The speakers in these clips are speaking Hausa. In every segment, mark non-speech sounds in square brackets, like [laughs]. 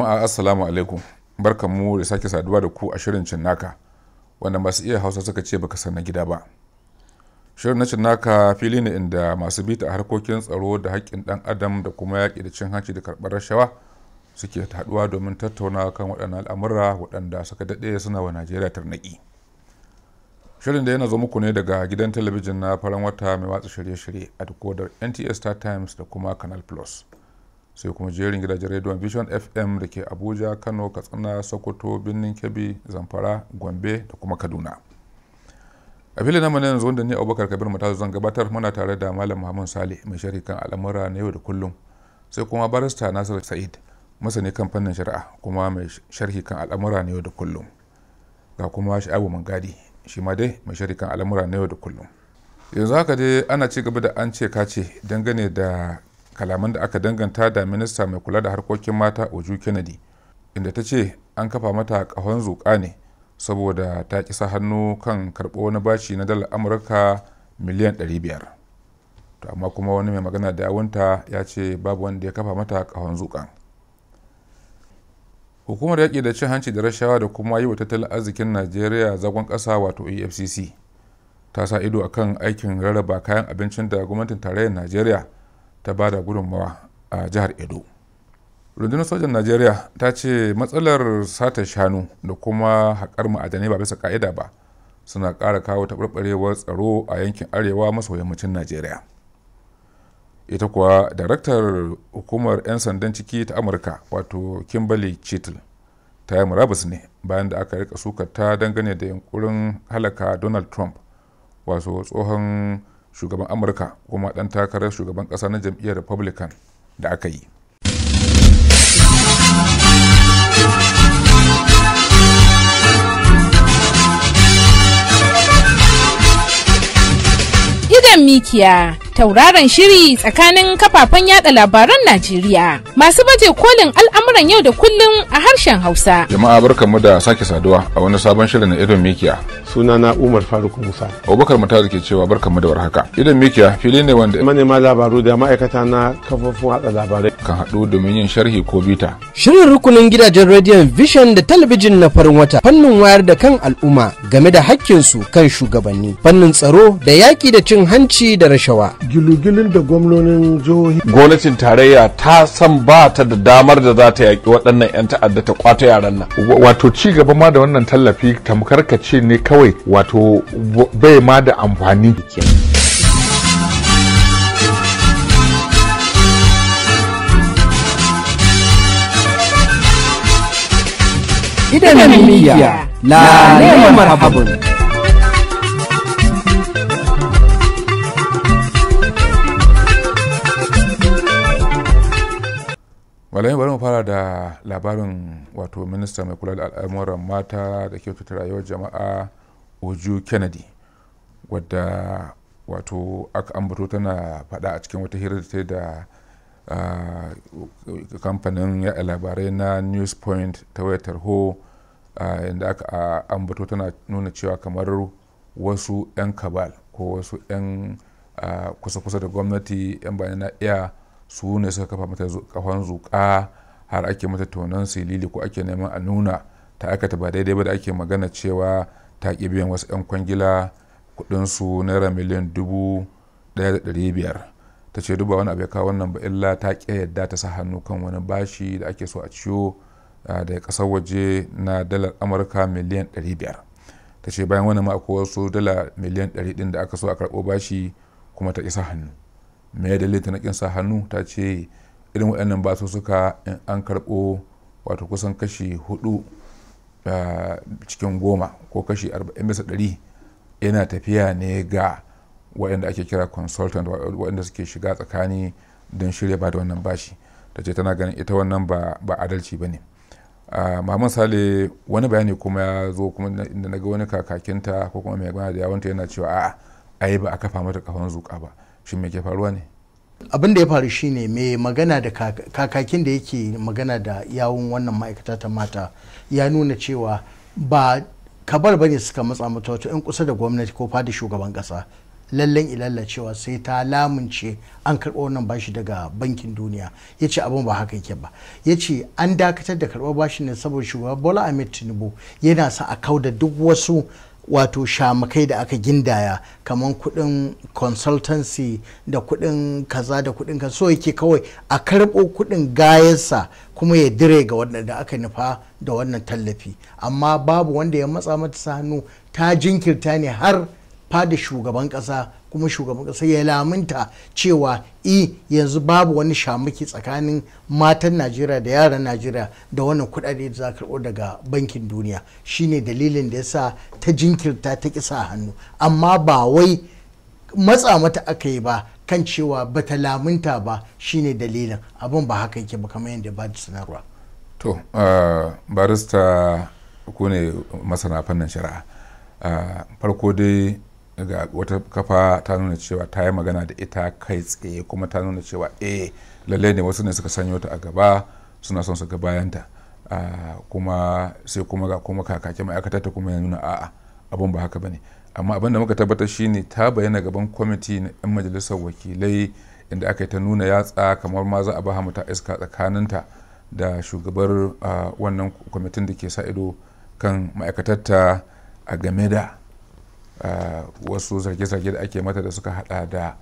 jama'a assalamu alaikum barkan mu da sake saduwa da ku a shirin cinnaka wanda masu iya hausa suka ce baka san gida ba shirin na cinnaka fili ne inda masu bita a harkokin tsaro da haƙƙin ɗan adam da kuma yaƙi da cin hanci da karɓar rashawa suke haɗuwa domin tattauna kan waɗannan al'amura waɗanda suka daɗe suna wa najeriya tarnaki shirin da yana zo muku ne daga gidan talabijin na faran wata mai watsa shirye-shirye a dekodar nts star times da kuma canal plus sai kuma jerin gidajen rediyon vision fm da ke abuja kano katsina sokoto birnin kebbi zamfara gombe da kuma kaduna a filin namu yanzu wanda ni abubakar kabir mu matazu zan gabatar muna tare da malam muhammad sale mai sharhi kan al'amura na yau da kullum sai kuma barista nasir sa'id masani kan fannin shari'a kuma mai sharhi kan al'amura na yau da kullum ga kuma sha'abu mangadi shi ma dai mai sharhi kan al'amura na yau da kullum yanzu haka dai ana ci gaba da an ce kace dangane da kalaman da aka danganta da minista mai kula da harkokin mata oju kennedy inda ta ce an kafa mata kahon zuƙa ne saboda ta kisa hannu kan karbo wani bashi na dalar amurka miliyan 500 to amma kuma wani mai magana da yawunta ya ce babu wanda ya kafa mata kahon zuƙan hukumar yaƙi da cin hanci da rashawa da kuma yi wa tattalin arzikin najeriya zagon ƙasa wato efcc ta sa ido akan aikin rarraba kayan abincin da gwamnatin tarayyar najeriya ta ba da gudunmawa a jihar edo rundunar sojan najeriya ta ce matsalar sata shanu da kuma haƙar ma'adanai ba bisa ka'ida ba suna ƙara kawo taɓarɓarewar tsaro a yankin arewa maso yammacin najeriya ita kuwa daraktar hukumar 'yan sandan ciki ta amurka wato kimberly chitl ta yi murabus ne bayan da aka rika sukar ta dangane da yankurin halaka donald trump wato tsohon shugaban amurka kuma ɗan takarar shugaban ƙasa na jam'iyyar republican da aka yi Idan mikiya tauraron shiri tsakanin kafafen yada labaran Najeriya masu baje kolin al'amuran yau da kullum a harshen Hausa. Jama'a barkanmu da sake saduwa a wani sabon shirin na idon mikiya. Sunana Umar Faruk Musa. Abubakar Mutaru ke cewa barkanmu da warhaka. Idon mikiya fili ne wanda manema labaru da ma'aikata na kafofin hada labarai kan haɗu domin yin sharhi ko bita. Shirin rukunin gidajen rediyon Vision da talabijin na farin wata fannin wayar da kan al'umma game da hakkinsu kan shugabanni fannin tsaro da yaki da cin hanci da rashawa gilugilin da gwamnonin jihohi gwamnatin tarayya ta san ba ta da damar da za ta yaƙi waɗannan 'yan ta'adda ta kwato yaran nan wato ci gaba ma da wannan tallafi tamkar ka ce ne kawai wato bai ma da amfani Idan miliya la ne marhababin. labarin wato minista mai kula da al'amuran mata da kyautata rayuwar jama'a oju kennedy wadda wato aka ambato tana fada a cikin wata hirar ta da kamfanin ya labarai na point ta wayar tarho inda aka ambato tana nuna cewa kamar wasu 'yan kabal ko wasu 'yan kusa-kusa da gwamnati 'yan bayan na iya su ne suka kafa mata kafan zuƙa har ake mata tonon silili ko ake neman a nuna ta aikata ba daidai ba da ake magana cewa ta ƙi biyan wasu 'yan kwangila kuɗinsu naira miliyan dubu ɗaya da ɗari biyar ta ce duba wani abu ya kawo wannan ba illa ta ƙi yadda ta sa hannu kan wani bashi da ake so a ciyo daga ƙasar waje na dalar amurka miliyan ɗari biyar ta ce bayan wani ma akwai wasu dala miliyan ɗari ɗin da aka so a karɓo bashi kuma ta ƙi sa hannu me dalilin ta na ƙin sa hannu ta ce irin waɗannan basu suka an karɓo wato kusan kashi hudu eh, cikin goma ko kashi 40 bisa ɗari yana tafiya ne ga waɗanda ake kira consultant waɗanda suke shiga tsakani don shirya ba da wannan bashi ta ce tana ganin ita wannan ba adalci ba ne ah, Muhammad Sale wani bayani kuma ya zo kuma inda na ga wani kakakinta ko kuma mai gana da yawanta yana cewa a'a ai ba a kafa mata kafan zuƙa ba shi mai ke faruwa ne abin da ya faru shine mai magana da kakakin da yake magana da yawun wannan ma'aikata ta mata ya nuna cewa ba kabar bane suka matsa mata wato 'yan kusa da gwamnati ko fada shugaban kasa lallan ilalla cewa sai ta lamunce an karɓo wannan bashi daga bankin duniya ya ce abin ba haka yake ba ya ce an dakatar da karɓar bashi ne saboda shugaban bola ahmed tinubu yana sa a kauda duk wasu wato shamakai da aka gindaya kamar kudin consultancy da kudin kaza da kudin kaza so yake kawai a karɓo kudin gayansa kuma ya dire ga da aka nufa da wannan tallafi amma babu wanda ya matsa mata hannu ta jinkirta ne har fada shugaban kasa kuma shugaban kasa ya lamunta cewa e yanzu babu wani shamaki tsakanin matan najeriya da yaran najeriya da wannan kudade da za karbo daga bankin duniya shine dalilin da yasa ta jinkirta ta kisa hannu amma ba wai matsa mata aka yi ba kan cewa ba ta lamunta ba shine dalilin abin ba haka yake ba kamar yadda ba sanarwa to uh, barista ku ne masana fannin shari'a uh, farko dai daga wata kafa ta nuna cewa ta yi magana da ita kai tsaye kuma ta nuna cewa eh lalle ne wasu ne suka sanyo ta a gaba suna son su ga bayanta ah, kuma sai kuma ga kuma kakake ma'aikatar ta kuma ya nuna a'a abun ba haka bane amma abin da muka tabbatar shine ta bayyana gaban kwamiti na 'yan majalisar wakilai inda aka yi ta nuna yatsa kamar ma za a ba ta iska tsakaninta da shugabar ah, wannan kwamitin da ke sa ido kan ma'aikatarta a game da Eh, wasu zarge-zarge da ake mata da suka hada da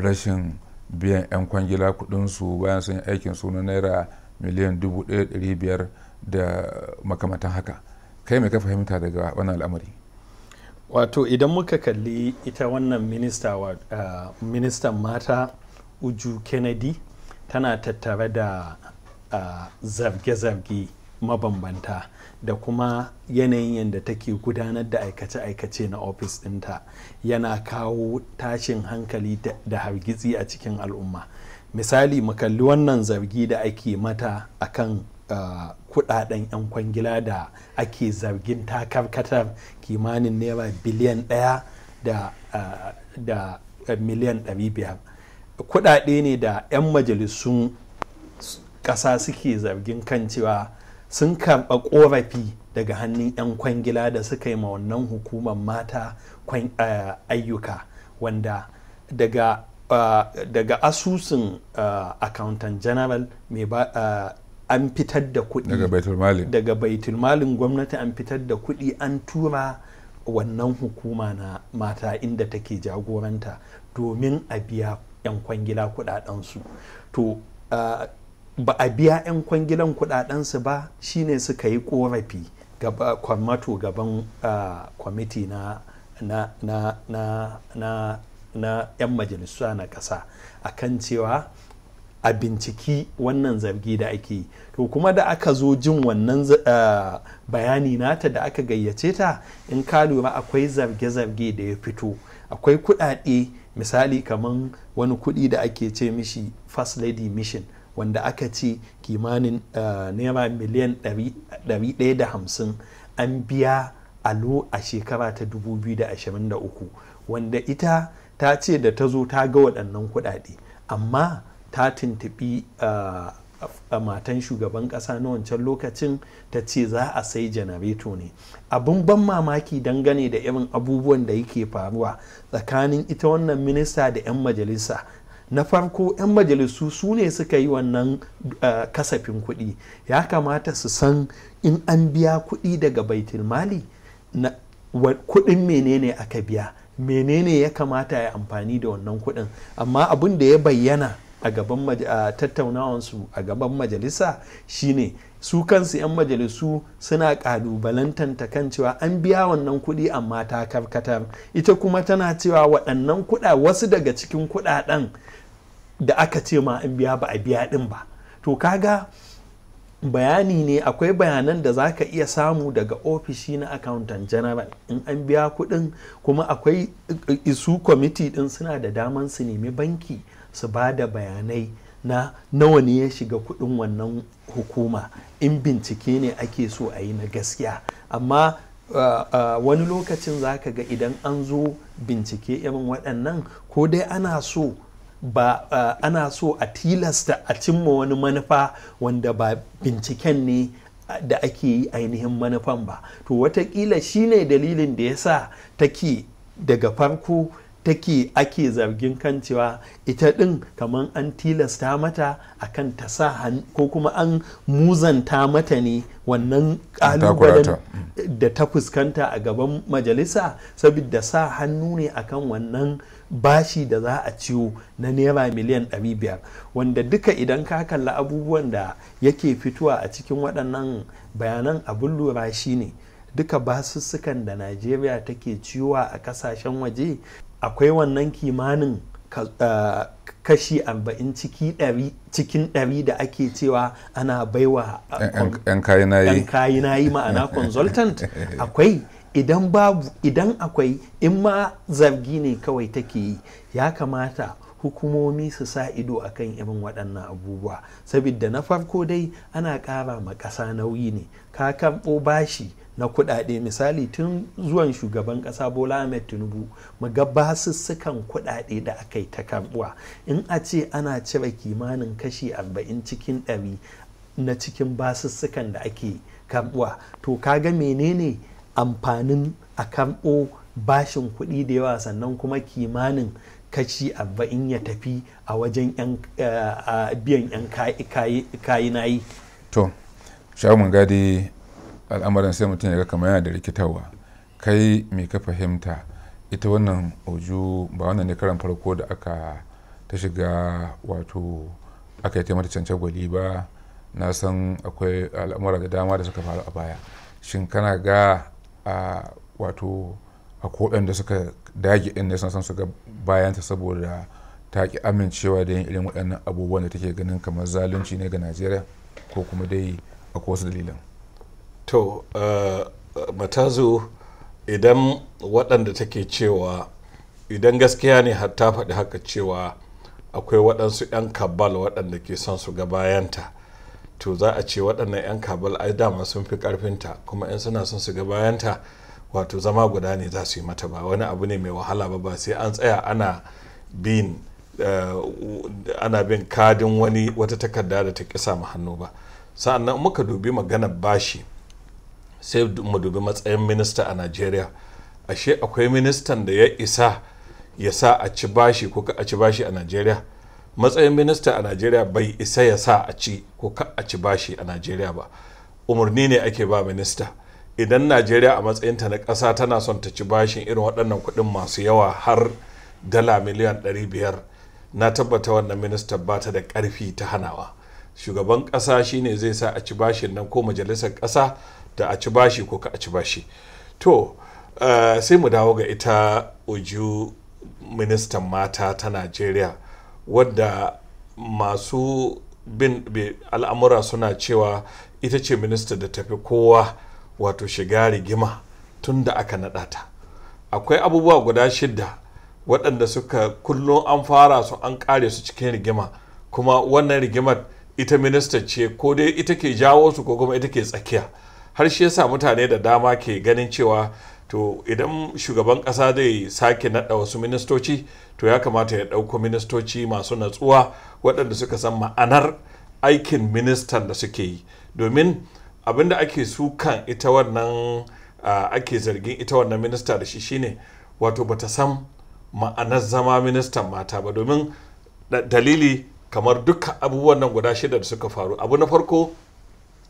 rashin biyan 'yan kwangila kudinsu bayan sun yi aikin sunan naira miliyan 1,500 da makamantan haka kai mai ka fahimta daga wannan al'amari wato idan muka kalli ita wannan minista wa, uh, ministan mata uju kennedy tana tattare da uh, zarge-zarge mabambanta da kuma yanayin yadda take gudanar da aikace-aikace na ofis ɗinta yana kawo tashin hankali da hargitsi a cikin al'umma misali mu kalli wannan zargi da ake mata akan kan kudaden 'yan kwangila da ake zargin takarkatar kimanin naira biliyan daya da, miliyan 500 kudade ne da 'yan majalisun kasa suke zargin kan cewa sun karɓa ƙorafi daga hannun 'yan kwangila da suka yi ma wannan hukumar mata eh, ayyuka wanda daga eh, daga asusun eh, accountant general mai an fitar da kuɗi daga baitul malin gwamnati an fitar da kuɗi an tura wannan hukuma na mata inda take jagoranta domin a biya 'yan kwangila kuɗaɗensu to ba a biya 'yan kwangilan kudadensu ba shine suka yi korafi kwamato gaban kwamiti na na 'yan majalisa na ƙasa kan cewa a binciki wannan zargi da ake yi to kuma da aka zo jin wannan bayani nata da aka gayyace ta in ka lura akwai zarge-zarge da ya fito akwai kuɗaɗe misali kaman wani kuɗi da ake ce mishi first lady mission wanda aka ce kimanin eh, naira miliyan 150 an biya alo a shekara ta 2023 wanda ita ta ce da ta zo ta ga waɗannan kuɗaɗe amma ta tuntubi tuntuɓi eh, matan shugaban ƙasa na wancan lokacin ta ce za a sai janareto ne abin ban mamaki dangane da irin abubuwan da yake faruwa tsakanin ita wannan minista da 'yan majalisa na farko 'yan majalisu su ne suka yi wannan kasafin kuɗi ya kamata su san in an biya kuɗi daga baitul mali kuɗin menene aka biya menene ya kamata ya amfani da wannan kuɗin amma abin da ya bayyana a gaban tattaunawansu a gaban majalisa shine su kansu 'yan majalisu suna kalubalantanta kan cewa an biya wannan kuɗi amma ta karkatar ita kuma tana cewa waɗannan kuɗa wasu daga cikin kuɗaɗen da aka ce ma an biya ba a biya din ba to kaga bayani ne akwai bayanan da za ka iya samu daga ofishi na accountant general in an biya kuɗin kuma akwai isu kwamiti ɗin suna da daman su nemi banki su ba da bayanai na nawa ne ya shiga kuɗin wannan hukuma in bincike ne ake so a yi na gaskiya amma Uh, uh, wani lokacin za ka ga idan an zo bincike irin waɗannan ko dai ana so ba uh, ana so a tilasta a cimma wani manufa wanda ba binciken ne da ake yi ainihin manufan ba to watakila shi ne dalilin da ya sa take daga farko take ake zargin kan cewa ita ɗin kamar an tilasta mata akan ta sa ko kuma an muzanta mata ne wannan ƙalubalen da ta fuskanta a gaban majalisa saboda sa hannu ne akan wannan bashi da za a ciwo na naira miliyan 500 wanda duka idan ka kalla abubuwan da yake fitowa a cikin waɗannan bayanan abin lura shi ne duka basussukan da najeriya take ciwa a kasashen waje akwai wannan kimanin kashi arba'in cikin ɗari da ake cewa ana baiwa yan kayi ma'ana [laughs] consultant akwai idan babu idan akwai in ma zargi ne kawai take yi ya kamata hukumomi su sa ido a kan irin waɗannan abubuwa saboda na farko dai ana ƙara ma ƙasa nauyi ne ka karɓo bashi na kuɗaɗe misali tun zuwan shugaban ƙasa bola ahmed tinubu muga basussukan kuɗaɗe da aka yi ta karɓuwa in a ce ana cire kimanin kashi 40 cikin ɗari na cikin basussukan da ake karɓuwa to kaga menene amfanin a karɓo bashin kuɗi da yawa sannan kuma kimanin kashi arba'in ya tafi a wajen eh, biyan 'yan kayinayi. to mun gadi al'amarin sai mutum ya ga kamar yana da rikitarwa kai mai ka fahimta ita wannan oju ba wannan ne karan farko da aka ta shiga wato aka yi taimata cancan gwali ba na san akwai al'amura da dama da suka faru a baya shin kana ga a wato a da suka dage ɗin da san su ga bayanta saboda ta ki amincewa da yin irin waɗannan abubuwan da take ganin kamar zalunci ne ga najeriya ko kuma dai a wasu dalilan to matazu idan waɗanda take cewa idan gaskiya ne hatta faɗi haka cewa akwai waɗansu 'yan kabbal waɗanda ke son su ga bayanta to za a ce waɗannan 'yan kabal ai dama sun fi ƙarfinta kuma 'yan suna sun su ga bayanta wato zama guda ne za su yi mata ba wani abu ne mai wahala ba ba sai an tsaya ana bin eh, bin kadin wani wata takarda da ta kisa mu hannu ba sa'annan muka dubi magana bashi sai mu dubi matsayin minista a najeriya ashe akwai ministan da ya isa ya sa a ci bashi ko a ci bashi a najeriya matsayin minista a najeriya bai isa ya sa a ci ko ka a ci bashi a najeriya ba umarni ne ake ba minista idan najeriya a matsayinta na ƙasa tana son ta ci bashin irin waɗannan kuɗin masu yawa har dala miliyan 500 na tabbata wannan minista ba ta da ƙarfi ta hanawa shugaban ƙasa shine zai sa a ci bashin nan ko majalisar ƙasa da a ci bashi ko ka a ci bashi to eh, sai mu dawo ga ita uju ministan mata ta najeriya wadda masu bin al'amura suna cewa ita ce minista da tafi kowa wato shiga rigima tun da aka naɗa ta akwai abubuwa guda shidda waɗanda suka kullum an fara su an ƙare su cikin rigima kuma wannan rigimar ita minista ce ko dai ita ke jawo su ko kuma ita ke tsakiya har shi yasa mutane da dama ke ganin cewa to idan shugaban ƙasa zai sake naɗa wasu ministoci to ya kamata ya ɗauko ministoci masu natsuwa waɗanda suka san ma'anar aikin ministan da suke yi domin abinda ake sukan ita wannan ake zargin ita wannan minista da shi shine wato bata san ma'anar zama ministan mata ba domin dalili kamar duka abubuwan nan guda shida da suka faru abu na farko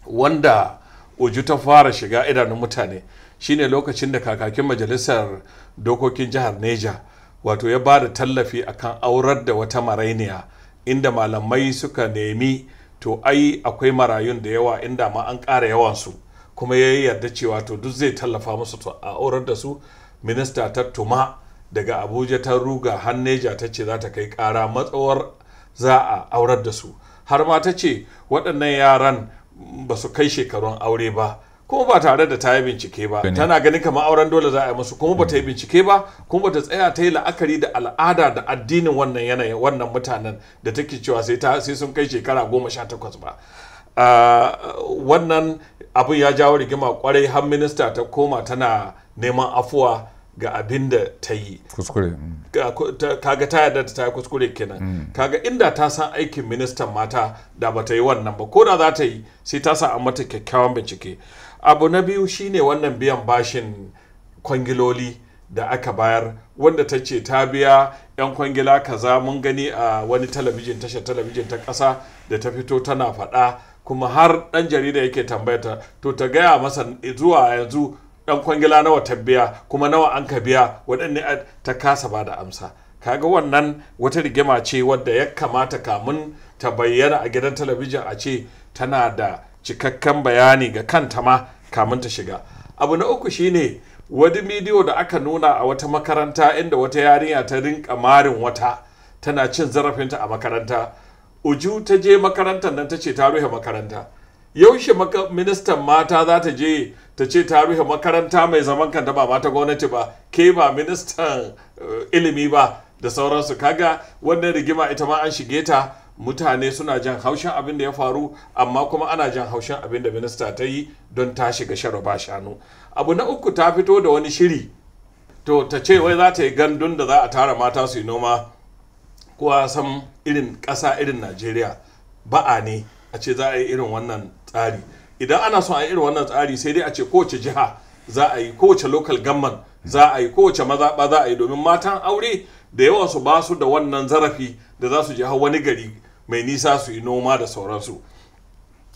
wanda uju ta fara shiga idanun mutane shine lokacin da kakakin majalisar dokokin jihar neja wato ya ba da tallafi a kan aurar da wata marainiya inda malamai suka nemi to ai akwai marayun da yawa inda ma an ƙara yawansu kuma ya yi yarda cewa to duk zai tallafa musu to a aurar da su minista ta tuma daga abuja ta ruga hanneja ta ce za ta kai ƙara matsawar za a aurar da su har ma ta ce waɗannan yaran ba su kai shekarun aure ba ko ba tare da ta yi bincike ba tana ganin kamar auren dole za a yi musu kuma ta yi mm. bincike ba kuma bata tsaya ta yi la'akari da al'ada da addinin wannan yanayin wannan mutanen da take cewa sai ta sai sun kai shekara goma sha takwas ba ah, wannan abin ya jawo rigima kwarai har minista ta koma tana neman afuwa ga abin da ta yi kuskure mm. kaga ta yarda ta yi kuskure kenan mm. kaga inda ta san aikin ministan mata da ba ta yi wannan ba ko da za ta yi sai ta sa an mata kyakkyawan bincike abu na biyu shine wannan biyan bashin kwangiloli da aka bayar wanda ta ce ta biya 'yan kwangila kaza mun gani a wani talabijin tashar talabijin ta ƙasa da ta fito tana faɗa kuma har ɗan jarida yake tambayata to ta gaya masa zuwa yanzu ɗan kwangila nawa ta biya kuma nawa an ka biya waɗanne ta kasa ba da amsa kaga wannan wata rigima ce wadda ya kamata kamun ta bayyana a gidan talabijin a ce tana da cikakken bayani ga kanta ma kamun ta shiga abu na uku shine wani bidiyo da aka nuna a wata makaranta inda wata yarinya ta rinka marin wata tana cin zarafinta a makaranta uju ta je makarantar nan ta ce ta rufe makaranta yaushe ministan mata za ta je ta ce ta rufe makaranta mai zaman kanta ba mata gwamnati ba ke ba ministan eh, ilimi ba da sauransu kaga wannan rigima ita ma an shige ta mutane suna jan haushin abin da ya faru amma kuma ana jan haushin abin da minista ta yi don ta shiga sharo ba shanu abu na uku ta fito da wani shiri to ta ce wai za ta yi gandun da za a tara mata su yi noma a san irin ƙasa irin najeriya ba'a ne a ce za a yi irin wannan tsari idan ana son a yi irin wannan tsari sai dai a ce kowace jiha za a yi kowace local government za a yi kowace mazaɓa za a yi domin matan aure da yawan su ba su da wannan zarafi da za su je har wani gari mai nisa su yi noma da sauransu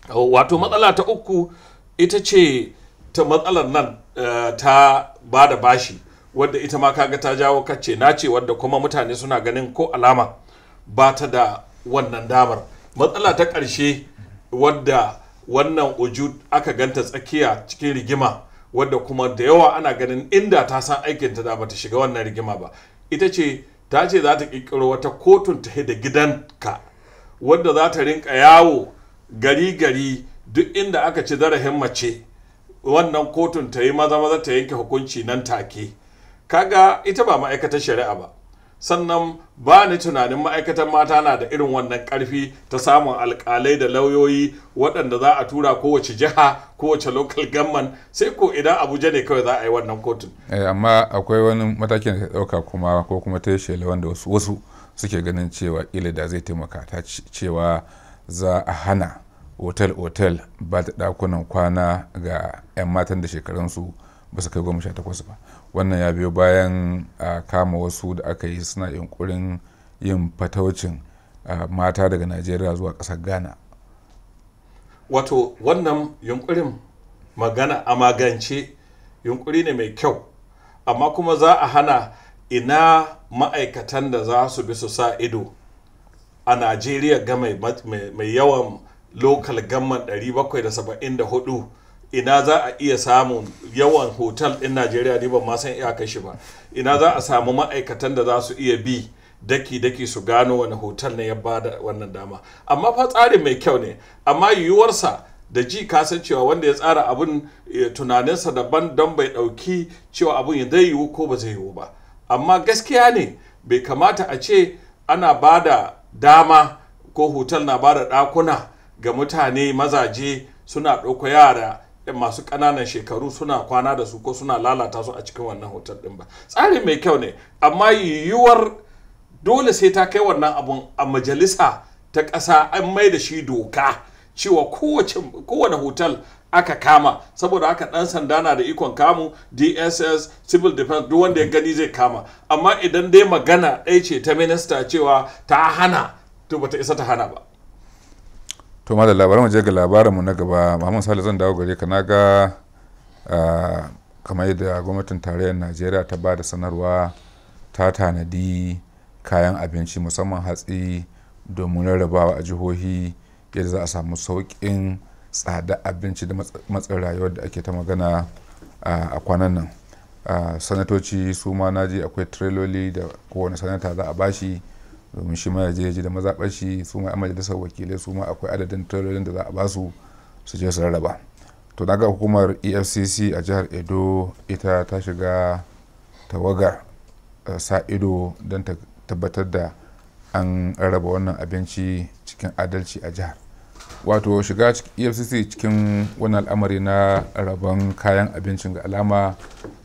wato matsala ta uku ita ce ta matsalar nan eh, ta ba da bashi wadda ita ma kaga ta jawo kacce na ce wadda kuma mutane suna ganin ko alama ba ta da wannan damar matsala ta ƙarshe wadda wannan ujud aka ganta tsakiya cikin rigima wadda kuma da yawa ana ganin inda ta san aikinta da bata shiga wannan rigima ba ita ce ta ce za ta ƙirƙiro wata kotun ta da gidanka wadda za ta rinka yawo gari gari duk inda aka ci zarafin mace wannan kotun ta yi maza maza ta yanke hukunci nan take kaga ita ba ma'aikatar shari'a ba sannan ba ni tunanin ma'aikatan mata na da irin wannan karfi ta samun alkalai da lauyoyi waɗanda za a tura kowace jiha kowace local government sai ko idan abuja ne kawai za a yi wannan kotun eh, amma akwai wani matakin da ta ɗauka kuma ko kuma ta shela wanda wasu suke ganin cewa ila da zai taimaka ta cewa za a hana otel-otel ba ta ɗakunan kwana ga 'yan matan da shekarunsu ba su kai goma sha takwas ba wannan ya biyo bayan a kama wasu da aka yi suna yunkurin yin fataucin mata daga najeriya zuwa ƙasar ghana wato wannan yunkurin magana a magance yunkuri ne mai kyau amma kuma za a hana ina ma'aikatan da za su bi su sa ido a najeriya ga mai yawan local gamman 774 ina za a iya samun yawan hotel ɗin najeriya ne ban ma san iyakar shi ba ina za a samu ma'aikatan da za su iya bi daki-daki su gano wani hotel ne ya bada wannan dama amma fa tsarin mai kyau ne amma yiwuwarsa da ji kasan cewa wanda ya tsara abin tunaninsa daban don bai ɗauki cewa abin zai yiwu ko ba zai yiwu ba amma gaskiya ne bai kamata a ce ana ba da dama ko hotel na ba da ɗakuna ga mutane mazaje suna ɗauka yara masu ƙananan shekaru suna kwana da su ko suna lalata su a cikin wannan hotel ɗin ba tsari mai kyau ne amma yiwuwar dole sai ta kai wannan abun a majalisa ta ƙasa an mai da shi doka cewa kowane hotel aka kama saboda haka ɗan sanda na da ikon kamu dss civil defense duk wanda ya gani zai kama amma idan dai magana ɗaya ce ta minista cewa ta hana to bata isa ta hana ba to ma da labaran mu je ga labarin mu na gaba Muhammad Sale zan dawo gare ka na ga ah, kamar yadda gwamnatin tarayyar Najeriya ta ba da sanarwa ta tanadi kayan abinci musamman hatsi domin rarrabawa a jihohi yadda za a samu sauƙin tsada abinci da matsin rayuwar da ake ta magana ah, a kwanan nan ah, sanatoci su ma naji akwai tireloli da kowane sanata za a bashi domin shi ma ya je ji da mazaɓar shi su ma majalisar wakilai su ma akwai adadin tarorin da za a basu su je su rarraba to na ga hukumar efcc a jihar edo ita ta shiga tawagar eh, sa ido don ta tabbatar da an rarraba wannan abinci cikin adalci a jihar wato shiga efcc cikin wannan al'amari na rabon kayan abincin ga alama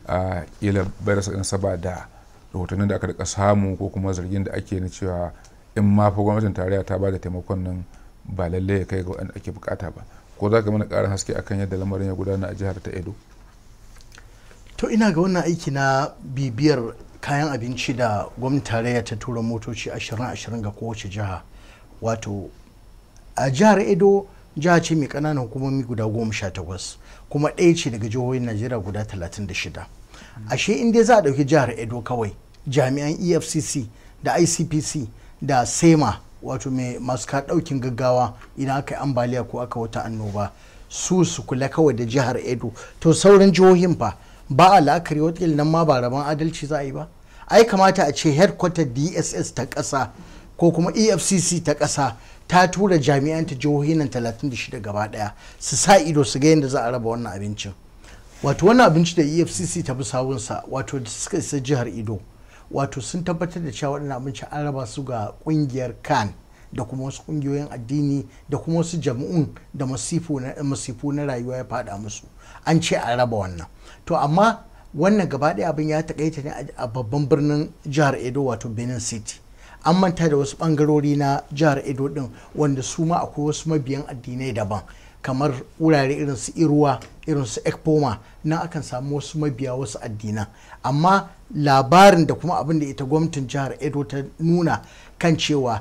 a ah, ila bayar saba da rahotannin da aka rika samu ko kuma zargin da ake na cewa in ma fa gwamnatin tarayya ta bada taimakon nan ba lalle ya kai ga wanda ake bukata ba ko za ka mana karin haske akan yadda lamarin ya gudana a jihar ta edo to ina ga wannan aiki na bibiyar kayan abinci da gwamnatin tarayya ta tura motoci 20-20 ga kowace jiha wato a jihar edo jiha ce mai kananan hukumomi guda 18 kuma ɗaya ce daga jihohin najeriya guda 36 ashe in za a ɗauki jihar edo kawai jami'an efcc da icpc da sema wato mai masu ka ɗaukin gaggawa idan aka yi ambaliya ko aka wata annoba su su kula kawai da jihar edo to sauran jihohin fa ba a la'akari wata nan ma ba rabon adalci za a yi ba ai kamata a ce headquarter dss ta ƙasa ko kuma efcc ta ƙasa ta tura jami'an ta jihohin nan 36 gaba daya su sa ido su ga yadda za a raba wannan abincin wato wannan abinci da efcc ta bi sawunsa wato da suka isa jihar ido wato sun tabbatar da cewa waɗannan abinci an raba su ga ƙungiyar kan da kuma wasu ƙungiyoyin addini da kuma wasu jami'un da masifu na rayuwa ya faɗa musu an ce an raba wannan to amma wannan gaba ɗaya abin ya taƙaita ne a babban birnin jihar edo wato benin city an manta da wasu ɓangarori na jihar edo ɗin wanda su ma akwai wasu mabiyan addinai daban kamar wurare irin su iruwa irin su ekpoma na akan samu wasu mabiya wasu addina amma labarin da kuma abin da ita gwamnatin jihar edo ta nuna kan cewa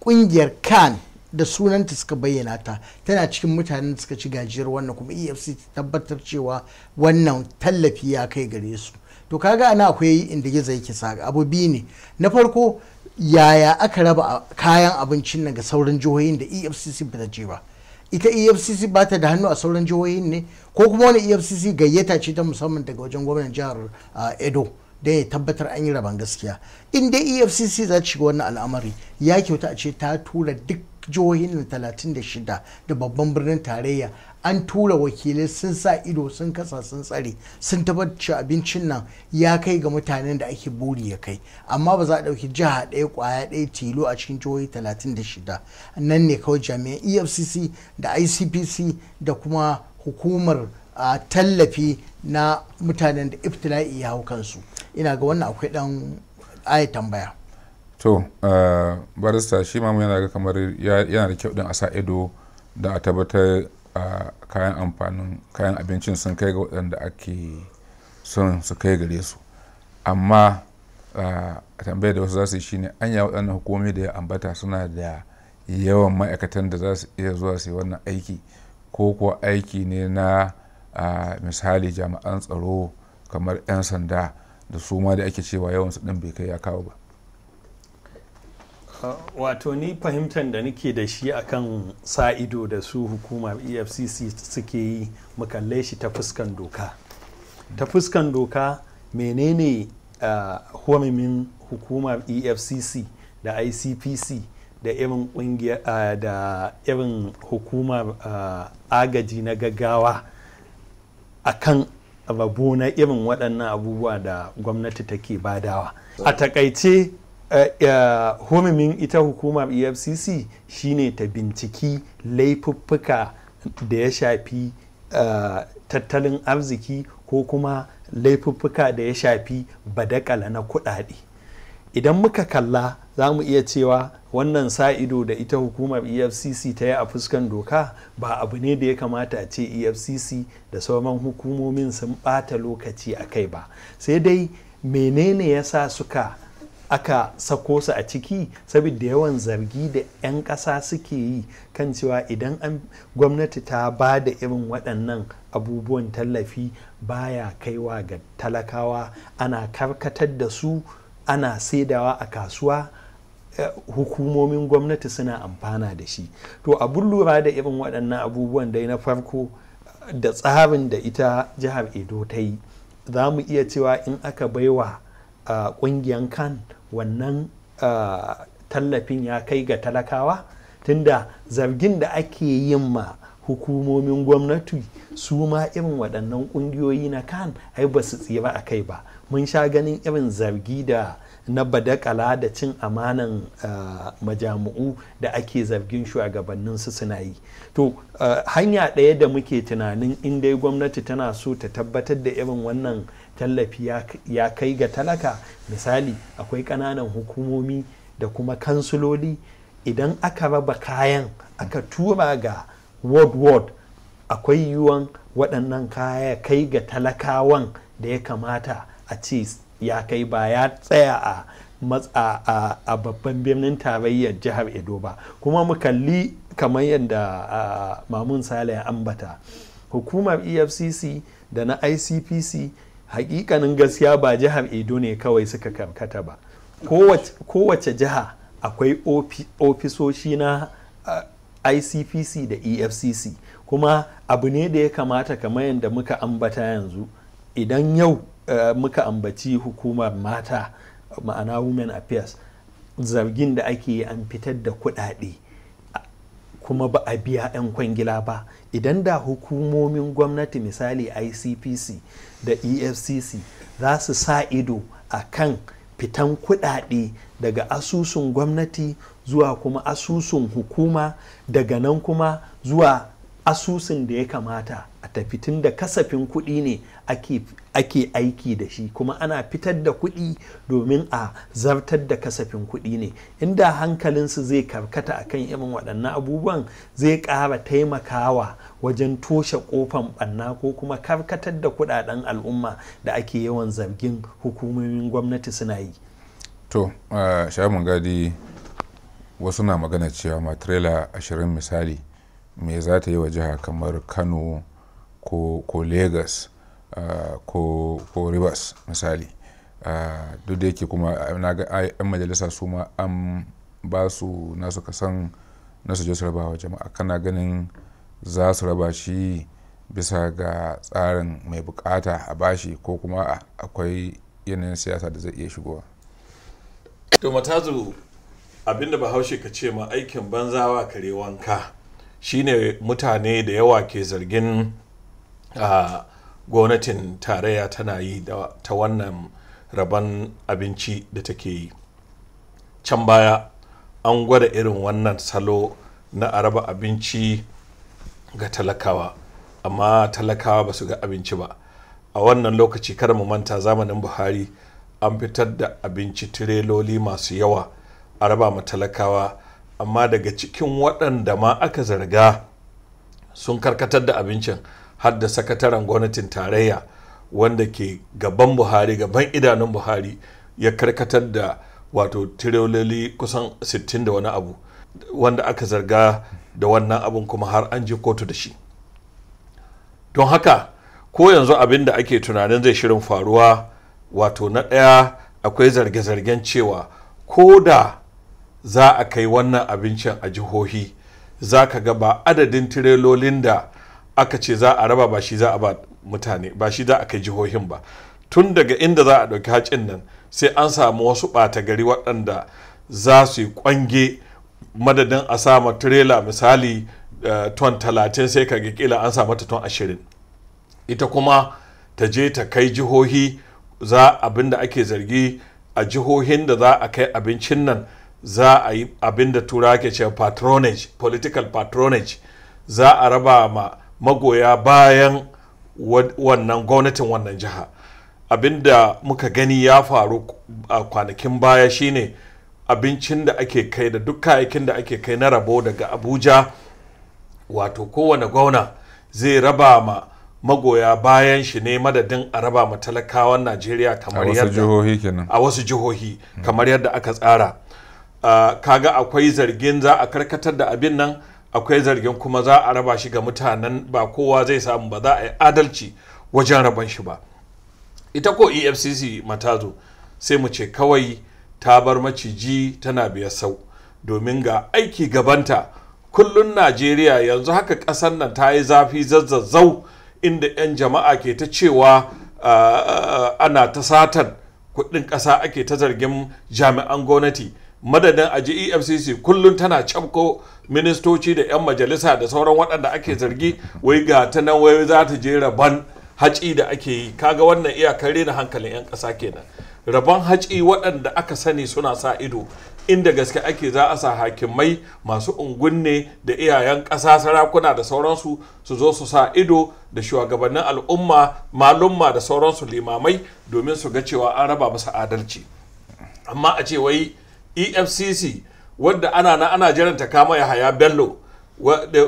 kungiyar kan da sunanta suka bayyana ta tana cikin mutanen da suka ci gajiyar wannan kuma efc ta tabbatar cewa wannan tallafi ya kai gare su to kaga ana akwai inda gizo yake sa abu biyu ne na farko yaya aka raba kayan abincin nan ga sauran jihohin da efcc ba ta je ba ita efcc ba ta da hannu a sauran jihohin ne ko kuma wani efcc gayyata ce ta musamman daga wajen gwamnan jihar uh, edo da ya tabbatar an yi rabon gaskiya in dai efcc za ta shiga wannan al'amari ya kyauta a ce ta tura duk jihohin 36 da babban birnin tarayya an tura wakilai sun sa ido sun kasa sun tsare sun tabbatar abincin nan ya kai ga mutanen da ake buri ya kai amma ba za a ɗauki jiha ɗaya kwaya ɗaya tilo a cikin jihohi 36 nan ne kawai jami'an efcc da icpc da kuma hukumar tallafi na mutanen da iftila'i ya hau kansu ina ga wannan akwai dan ayi tambaya to eh, barista shi ma yana ga kamar yana da kyau din a sa ido da a tabbatar eh, kayan amfanin kayan abincin sun kai ga waɗanda ake son su kai gare su amma a eh, tambayar da wasu za su yi shine anya waɗannan hukumomi da ya ambata suna da yawan ma'aikatan da za su iya zuwa su yi wannan aiki ko kuwa aiki ne na misali jami'an tsaro kamar 'yan sanda da su ma da ake cewa yawan su ɗin bai kai ya kawo ba ah, wato ni fahimtar da nake da shi akan sa da su hukumar efcc suke yi mu kalle shi ta fuskan doka ta fuskan doka menene homimin ah, hukumar efcc da icpc ah, da irin hukumar agaji na gaggawa akan rabo na irin waɗannan abubuwa da gwamnati take badawa a takaice eh, eh, hurumin ita hukumar efcc shine ta binciki laifuffuka da ya shafi eh, tattalin arziki ko kuma laifuffuka da ya shafi badakala na kuɗaɗe idan muka kalla za mu iya cewa wannan sa-ido da ita hukumar efcc ta yi a fuskan doka ba abu ne da ya kamata a ce efcc da sauran hukumomin sun ɓata lokaci a kai ba sai dai menene ya sa suka aka sako su a ciki saboda yawan zargi da 'yan ƙasa suke yi kan cewa idan an gwamnati ta ba da irin waɗannan abubuwan tallafi baya kaiwa ga talakawa ana karkatar da su ana saidawa a kasuwa Eh, hukumomin gwamnati suna amfana da shi to abun lura da irin waɗannan abubuwan dai na farko da tsarin da ita jihar edo ta yi za mu iya cewa in aka baiwa ƙungiyar kan wannan tallafin ya kai ga talakawa tunda zargin da ake yin ma hukumomin gwamnati su ma irin waɗannan ƙungiyoyi na kan ai ba su tsira a kai ba mun sha ganin irin zargi da na badakala da cin amanan ah, majamu'u da ake zargin shugabannin su suna yi to ah, hanya ɗaya da muke tunanin in dai gwamnati tana so ta tabbatar da irin wannan tallafi ya kai ga talaka misali akwai ƙananan hukumomi da kuma kansuloli idan aka raba kayan aka tura ga ward ward akwai yiwuwan waɗannan kaya kai ga talakawan da ya kamata a ce ya kai ba ya tsaya a matsa a babban birnin tarayyar jihar edo ba kuma mu kalli kamar yadda mamun sale ya ambata hukumar efcc da na icpc hakikanin gaskiya ba jihar edo ne kawai suka karkata ba kowace jiha akwai ofisoshi na icpc da efcc kuma abu ne da ya kamata kamar yadda muka ambata yanzu idan yau Eh, muka ambaci hukumar mata ma'ana women affairs zargin da ake yi an fitar da kuɗaɗe kuma ba a biya 'yan kwangila ba idan da hukumomin gwamnati misali icpc da efcc za su sa ido a kan fitan kuɗaɗe daga asusun gwamnati zuwa kuma asusun hukuma daga nan kuma zuwa asusun da ya kamata a tafitin da kasafin kuɗi ne ake aiki da shi kuma ana fitar da kuɗi domin a zartar da kasafin kuɗi ne inda hankalinsu zai karkata akan irin waɗannan abubuwan zai ƙara taimakawa wajen toshe ƙofan ɓanna ko kuma karkatar da kuɗaɗen al'umma da ake yawan zargin hukumomin gwamnati suna yi to uh, gadi wasu na magana cewa matrela ashirin misali me za ta yi wa jiha kamar kano ko, ko lagos Eh, ko ko rivers misali eh, duk da yake kuma na ga 'yan majalisa su ma an ba su nasu kasan nasu je su raba wa jama'a kana ganin za su raba shi bisa ga tsarin mai bukata a bashi ko kuma akwai yanayin siyasa da zai iya shigowa to matazu abinda bahaushe ka ce ma aikin banzawa kare wanka shine mutane da yawa ke zargin ah, gwamnatin tarayya tana yi ta wannan rabon abinci da take yi can baya an gwada irin wannan salo na a raba abinci ga talakawa amma talakawa ba su ga abinci ba a wannan lokaci kar mu manta zamanin buhari an fitar da abinci tireloli masu yawa a raba ma talakawa amma daga cikin waɗanda ma aka zarga sun karkatar da abincin har da sakataren gwamnatin tarayya wanda ke gaban buhari gaban idanun buhari ya karkatar da wato tirololi kusan 60 da wani abu wanda aka zarga da wannan abin kuma har an je kotu da shi don haka ko yanzu abin da ake tunanin zai shirin faruwa wato na ɗaya akwai zarge-zargen cewa ko da za a kai wannan abincin a jihohi za ka ga ba adadin tirelolin da aka ce za a raba ba shi za a ba mutane ba shi za a kai jihohin ba tun daga inda za a ɗauki hacin nan sai an samu wasu ɓata gari waɗanda za su yi ƙwange madadin a sama tirela misali eh, ton talatin sai ka ga kila an samu ton ashirin ita kuma ta je ta kai jihohi za abin da ake zargi a jihohin da za a kai abincin nan za a yi abin da tura ke ce patronage political patronage za a raba ma magoya bayan wannan gwamnatin wannan jiha abinda muka gani ya faru a kwanakin baya shine abincin da ake kai da duk kayakin da ake kai na rabo daga abuja wato kowane gwamna zai raba ma magoya bayan shi ne madadin a raba ma talakawan najeriya kamar a wasu jihohi kamar yadda aka tsara ah, kaga akwai zargin za a karkatar da abin nan akwai zargin kuma za a raba shi ga mutanen ba kowa zai samu ba za a yi adalci wajen raban shi ba ita ko efcc matazo sai mu ce kawai ta bar maciji tana biyar sau domin ga aiki gabanta kullun najeriya yanzu haka ƙasar nan ta yi zafi zazzazzau inda 'yan jama'a ke ta cewa ana ta satar kuɗin ƙasa ake ta zargin jami'an gwamnati madadin aji efcc kullum tana cabko ministoci da 'yan majalisa da sauran waɗanda ake zargi wai ga ta nan wai za ta je rabon haci da ake yi kaga wannan iyakar rena hankalin 'yan ƙasa kenan rabon haci waɗanda aka sani suna sa ido inda gaske ake za a sa hakimai masu ungunne da iyayen ƙasa sarakuna da sauransu su zo su sa ido da shugabannin al'umma malumma da sauransu limamai domin su ga cewa an raba masa adalci amma a ce wai efcc wadda ana na ana ta kama ya haya bello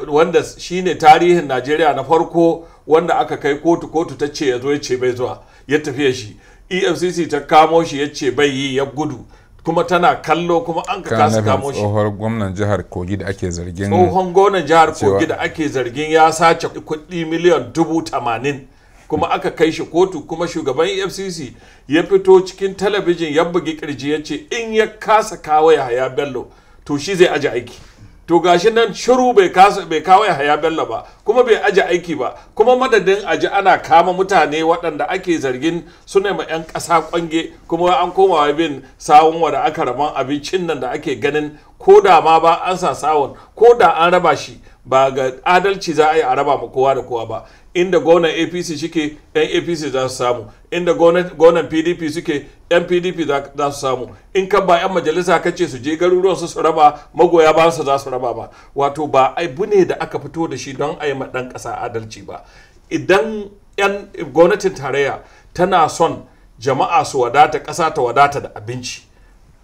wanda shine tarihin najeriya na farko wanda aka kai kotu kotu ta ce ya zo ya ce bai zuwa ya tafiya shi efcc ta kamo shi ya ce bai yi ya gudu kuma tana kallo kuma an ka kasa kamo shi tsohon gwamnan jihar kogi da ake zargin tsohon gwamnan jihar kogi da ake zargin ya sace kuɗi miliyan dubu tamanin kuma aka kai shi kotu kuma shugaban efcc ya fito cikin talabijin ya bugi kirji ya ce in ya kasa kawo haya bello to shi zai aji aiki to gashi nan shiru bai kawo haya bello ba kuma bai aji aiki ba kuma madadin aji ana kama mutane waɗanda ake zargin suna ma 'yan ƙasa kwange kuma an koma bin sawun wa da aka raman abincin nan da ake ganin ko da ma ba an sa sawun ko da an raba shi ba ga adalci za a yi a raba ma kowa da kowa ba inda gona apc suke, yan apc za su samu inda gona pdp suke yan pdp za su samu in ka ba yan majalisa ka ce su je garuruwan su su raba magoya ba su za su raba ba wato ba bu ne da aka fito da shi don a yi dan ƙasa adalci ba idan yan gwamnatin tarayya tana son jama'a su wadata ƙasa ta wadata da abinci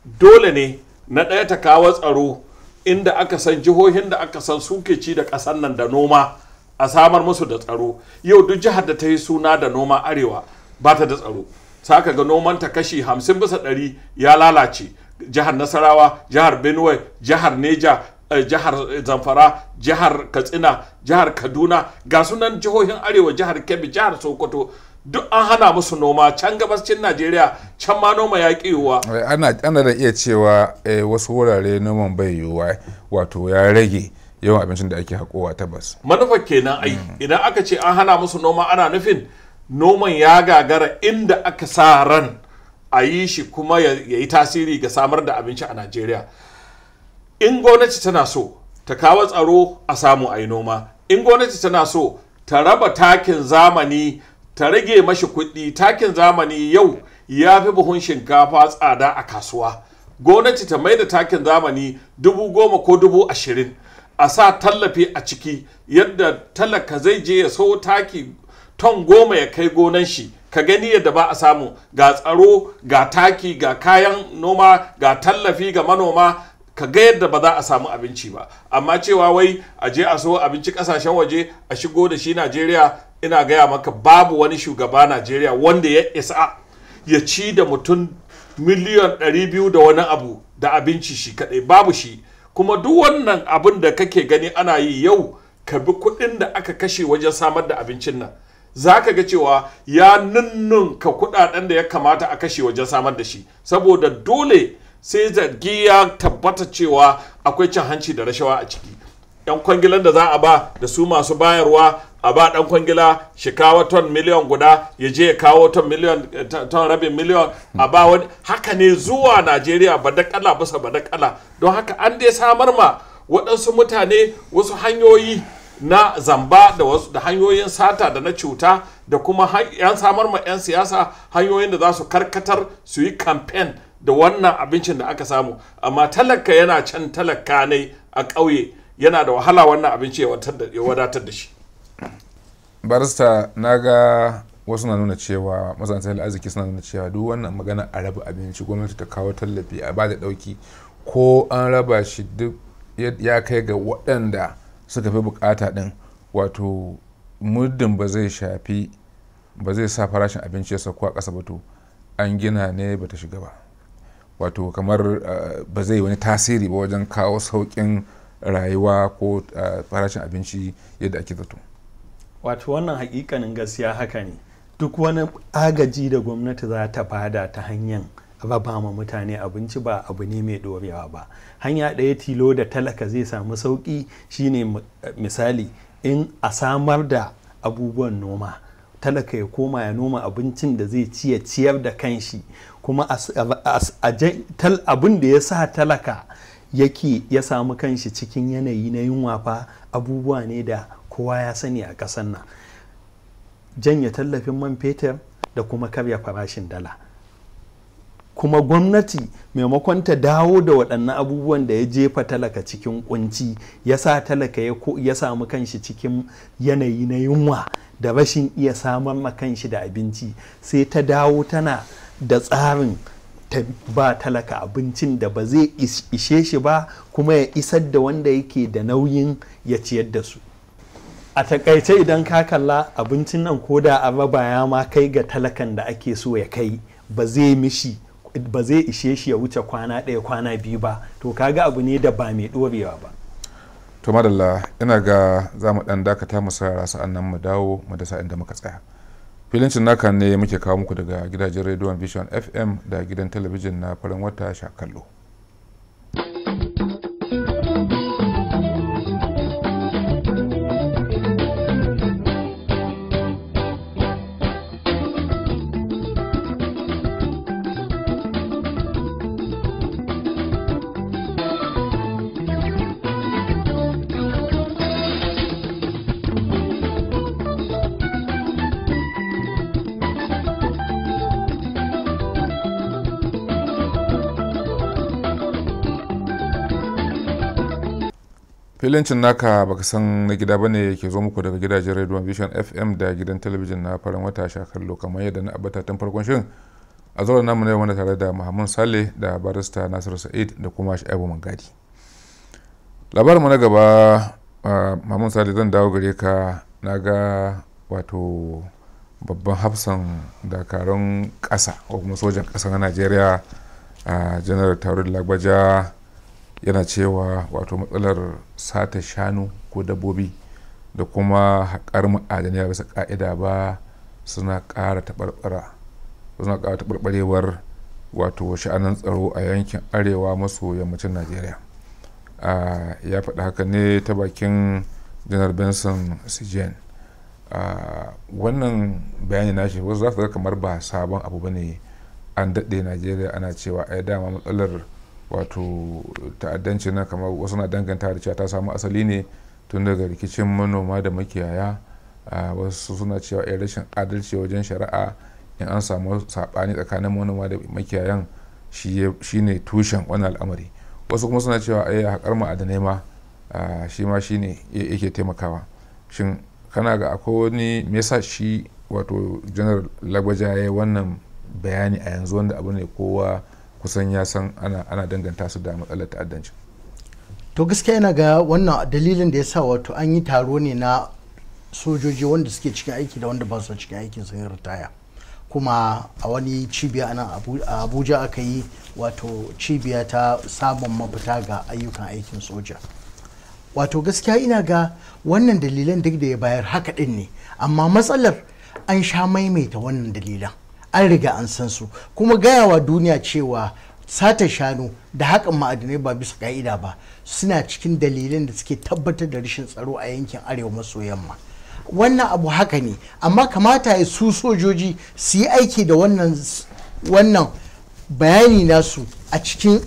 dole ne na ɗaya ta kawo tsaro inda aka san jihohin da aka san suke ci da ƙasar nan da noma a samar musu da tsaro yau duk jihar da ta yi suna da noma arewa ba ta da tsaro saka ga noman ta kashi 50 bisa 100 ya lalace jihar nasarawa jihar benue jihar neja eh, jihar zamfara jihar katsina jihar kaduna ga sunan jihohin arewa jihar kebbi jihar sokoto duk an hana musu noma can gabascin najeriya can ma noma ya yiwuwa eh, ana da iya cewa eh, wasu wurare noman bai yiwuwa wato ya rage yawan abincin da ake haƙowa tabbas manufar kenan ai mm. idan aka ce an hana musu noma ana nufin noman ya gagara inda aka sa ran a yi shi kuma ya yi tasiri ga samar da abinci a najeriya in gwamnati tana so ta kawo tsaro a samu a yi noma in gwamnati tana so ta raba takin zamani ta rage mashi kuɗi takin zamani yau ya fi buhun shinkafa tsada a kasuwa gwamnati ta mai da takin zamani dubu goma ko dubu ashirin a sa tallafi a ciki yadda talaka zai je ya so taki ton goma ya kai gonan shi ka gani yadda ba a samu ga tsaro ga taki ga kayan noma ga tallafi ga manoma ka ga yadda ba za a samu abinci ba amma cewa wai a je a so abinci kasashen waje a shigo da shi najeriya ina gaya maka babu wani shugaba najeriya wanda ya isa ya ci da mutum miliyan 200 da wani abu da abinci shi kadai babu shi kuma duk wannan abin da kake gani ana yi yau ka bi kuɗin da aka kashe wajen samar da abincin nan za ka ga cewa ya nunnun ka kuɗaɗen da ya kamata a kashe wajen samar da shi saboda dole sai zargi ya tabbata cewa akwai cin hanci da rashawa a ciki yan kwangilan da za a ba da su masu bayarwa a ba dan kwangila shi kawo ton miliyan guda ya je ya kawo ton miliyan eh, ton rabin miliyan a ba wani haka ne zuwa najeriya badakala bisa kala don haka an dai samar ma waɗansu mutane wasu hanyoyi na zamba da wasu da hanyoyin sata da na cuta da kuma yan samar ma 'yan siyasa hanyoyin da za su karkatar su yi kamfen da wannan abincin da aka samu amma talaka yana can talaka ne a ƙauye yana da wahala wannan abinci ya wadatar da shi barista na ga wasu na nuna cewa masana arziki suna nuna cewa duk wannan magana a raba abinci gwamnati ta kawo tallafi a ba da ɗauki ko an raba shi duk ya kai ga waɗanda suka fi bukata ɗin wato muddin ba zai shafi ba zai sa farashin abinci ya sauko a ƙasa ba to an gina ne ba ta shiga ba wato kamar eh, ba zai wani tasiri ba wajen kawo sauƙin rayuwa ko eh, farashin abinci yadda ake zato wato wannan hakikanin gaskiya haka ne duk wani agaji da gwamnati za ta bada ta hanyar ba ma mutane abinci ba abu ne mai dorewa ba hanya ɗaya tilo da talaka zai samu sauƙi shine misali in a samar da abubuwan noma talaka ya koma ya noma abincin da zai ciye ciyar da kanshi kuma abin da ya sa talaka yake ya samu kanshi cikin yanayi na yunwa fa abubuwa ne da kowa ya sani a ƙasar nan janye tallafin man fetur da kuma karya farashin dala kuma gwamnati maimakon ta dawo da waɗannan abubuwan da ya jefa talaka cikin kunci ya sa talaka ya samu kanshi cikin yanayi na yunwa da rashin iya samar ma kanshi da abinci sai ta dawo tana da tsarin ta ba talaka abincin da ba zai ishe shi ba kuma ya isar da wanda yake da nauyin ya ciyar da su a takaice idan ka kalla abincin nan ko da a baya ma kai ga talakan da ake so ya kai ba zai mishi ba zai ishe shi ya wuce kwana ɗaya kwana biyu ba to ka ga abu ne da ba mai ɗorewa ba to madalla ina ga za mu ɗan dakata mu sarara sa'an nan mu dawo mu da sa inda muka tsaya filincin naka ne muke kawo muku daga gidajen rediyon vision fm da gidan talabijin na farin wata shakallo. filincin naka baka san na gida ba ne ke zo muku daga gidajen radio vision fm da gidan talabijin na farin wata sha kamar yadda na abata tun farkon shirin a zuwa namu na wanda tare da muhammad saleh da barista nasir sa'id da kuma sha'ibu mangadi labarin mu gaba muhammad saleh zan dawo gare ka na ga wato babban hafsan dakarun kasa ko kuma sojan kasa na najeriya a janar taurin lagbaja yana cewa wato matsalar sata shanu ko dabbobi da kuma haƙar ma'adanai bisa ƙa'ida ba suna ƙara taɓarɓara suna ƙara taɓarɓarewar wato sha'anin tsaro a yankin arewa maso yammacin najeriya ya faɗi haka ne ta bakin janar benson sijen wannan bayani nashi wasu za su kamar ba sabon abu ba ne an daɗe najeriya ana cewa ya dama matsalar wato ta'addanci na kamar wasu na danganta da cewa ta samu asali ne tun daga rikicin manoma da makiyaya wasu suna cewa yan eh, rashin adalci wajen shari'a in an samu saɓani tsakanin manoma da makiyayan shi ne tushen wani al'amari wasu kuma suna cewa a eh, yi haƙar ma'adanai ma shi ma shi ne yake taimakawa shin kana ga akwai wani mesa shi wato janar lagwaja ya wannan bayani a yanzu wanda abu ne kowa kusan ya san ana danganta su da matsalar ta'addanci to gaskiya yana ga wannan dalilin da ya sa wato an yi taro ne na sojoji wanda suke cikin aiki da wanda ba su cikin aikin sun yi ritaya kuma a wani cibiya a abuja aka yi wato cibiya ta samun mafita ga ayyukan aikin soja wato gaskiya ina ga wannan dalilan duk da ya bayar haka din ne amma matsalar an sha maimaita wannan dalilan an riga an san su kuma gayawa duniya cewa sata shanu da hakan ma'adinai ba bisa ka'ida ba suna cikin dalilin da suke tabbatar da rashin tsaro a yankin arewa maso yamma wannan abu haka ne amma kamata ya su sojoji su yi aiki da wannan bayani nasu a cikin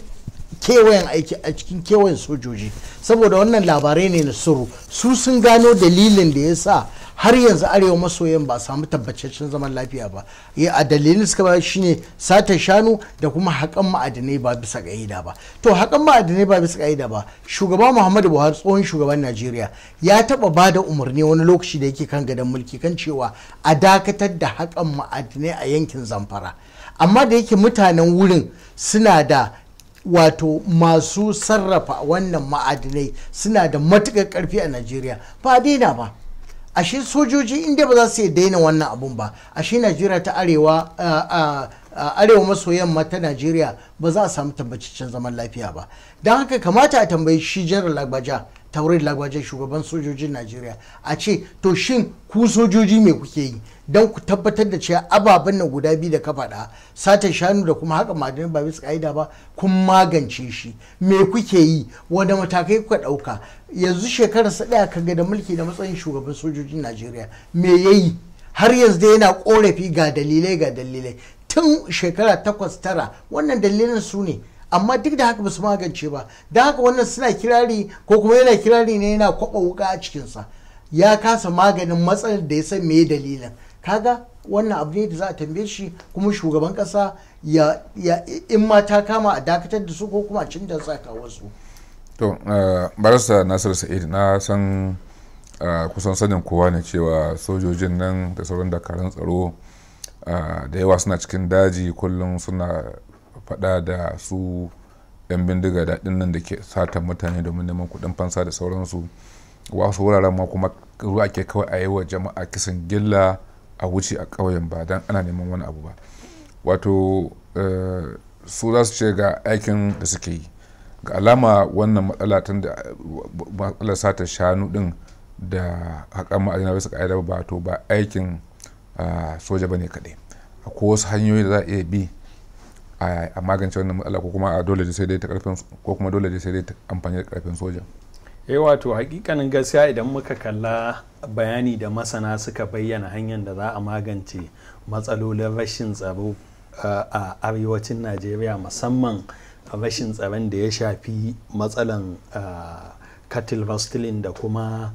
kewayen aiki a cikin kewayen sojoji saboda wannan labarai ne na suru su sun gano dalilin da ya sa har yanzu arewa maso yamma ba samu tabbataccen zaman lafiya ba ya a dalilin suka ba shine sata shanu da kuma haƙan ma'adinai ba bisa ƙa'ida ba to haƙan ma'adinai ba bisa ƙa'ida ba shugaba muhammadu buhari tsohon shugaban najeriya ya taɓa ba da umarni wani lokaci da yake kan gadon mulki kan cewa a dakatar da haƙan ma'adinai a yankin zamfara amma da yake mutanen wurin suna da wato masu sarrafa wannan ma'adinai suna da matuƙar ƙarfi a najeriya ba daina ba ashe sojoji inda ba za su daina wannan abun ba ashe najeriya ta arewa arewa maso yamma ta najeriya ba za a samu tabbacin zaman lafiya ba don haka kamata a tambayi shi jiran lagbaja taurin lagbaja shugaban sojojin najeriya a ce to shin ku sojoji me kuke yi don ku tabbatar da cewa ababen nan guda biyu da ka faɗa sata shanu da kuma haka madanin ba bisa ka'ida ba kun magance shi me kuke yi wanda matakai kuka ɗauka yanzu shekarar sa ɗaya kaga da mulki da matsayin shugaban sojojin najeriya me ya yi? har yanzu dai yana korafi ga dalilai ga dalilai tun shekara takwas tara wannan dalilin su ne amma duk da haka ba su magance ba da haka wannan suna kirari ko kuma yana kirari ne yana kwaɓa wuka a cikinsa ya kasa maganin matsalar da ya san me dalilin kaga wannan abu ne da za a tambaye shi kuma shugaban kasa ya in ma ta kama a dakatar da su ko kuma a cin da za kawo su to eh, barasa nasiru sa'id na san eh, kusan sanin kowa ne cewa sojojin nan da sauran dakarun tsaro eh, da yawa suna cikin daji kullum suna faɗa da su 'yan bindiga daɗin nan da ke satan mutane domin neman kuɗin fansa da sauransu wasu wuraren ma kuma ruwa ke kawai a yi wa jama'a kisan gilla a wuce a ƙauyen ba don ana neman wani abu ba wato eh, su za su ce ga aikin da suke yi ga alama wannan matsala tun da matsalar sata shanu din da haƙar ma'adina bisa ƙa'ida ba to ba aikin soja ba ne kaɗai akwai wasu hanyoyi da za a iya bi a magance wannan matsala ko kuma dole sai dai ta ko kuma dole sai dai ta amfani da ƙarfin soja. e wato hakikanin gaskiya idan muka kalla bayani da masana suka bayyana hanyar da za a magance matsalolin rashin tsaro a arewacin najeriya musamman rashin tsaron da ya shafi matsalan cattle rustling da kuma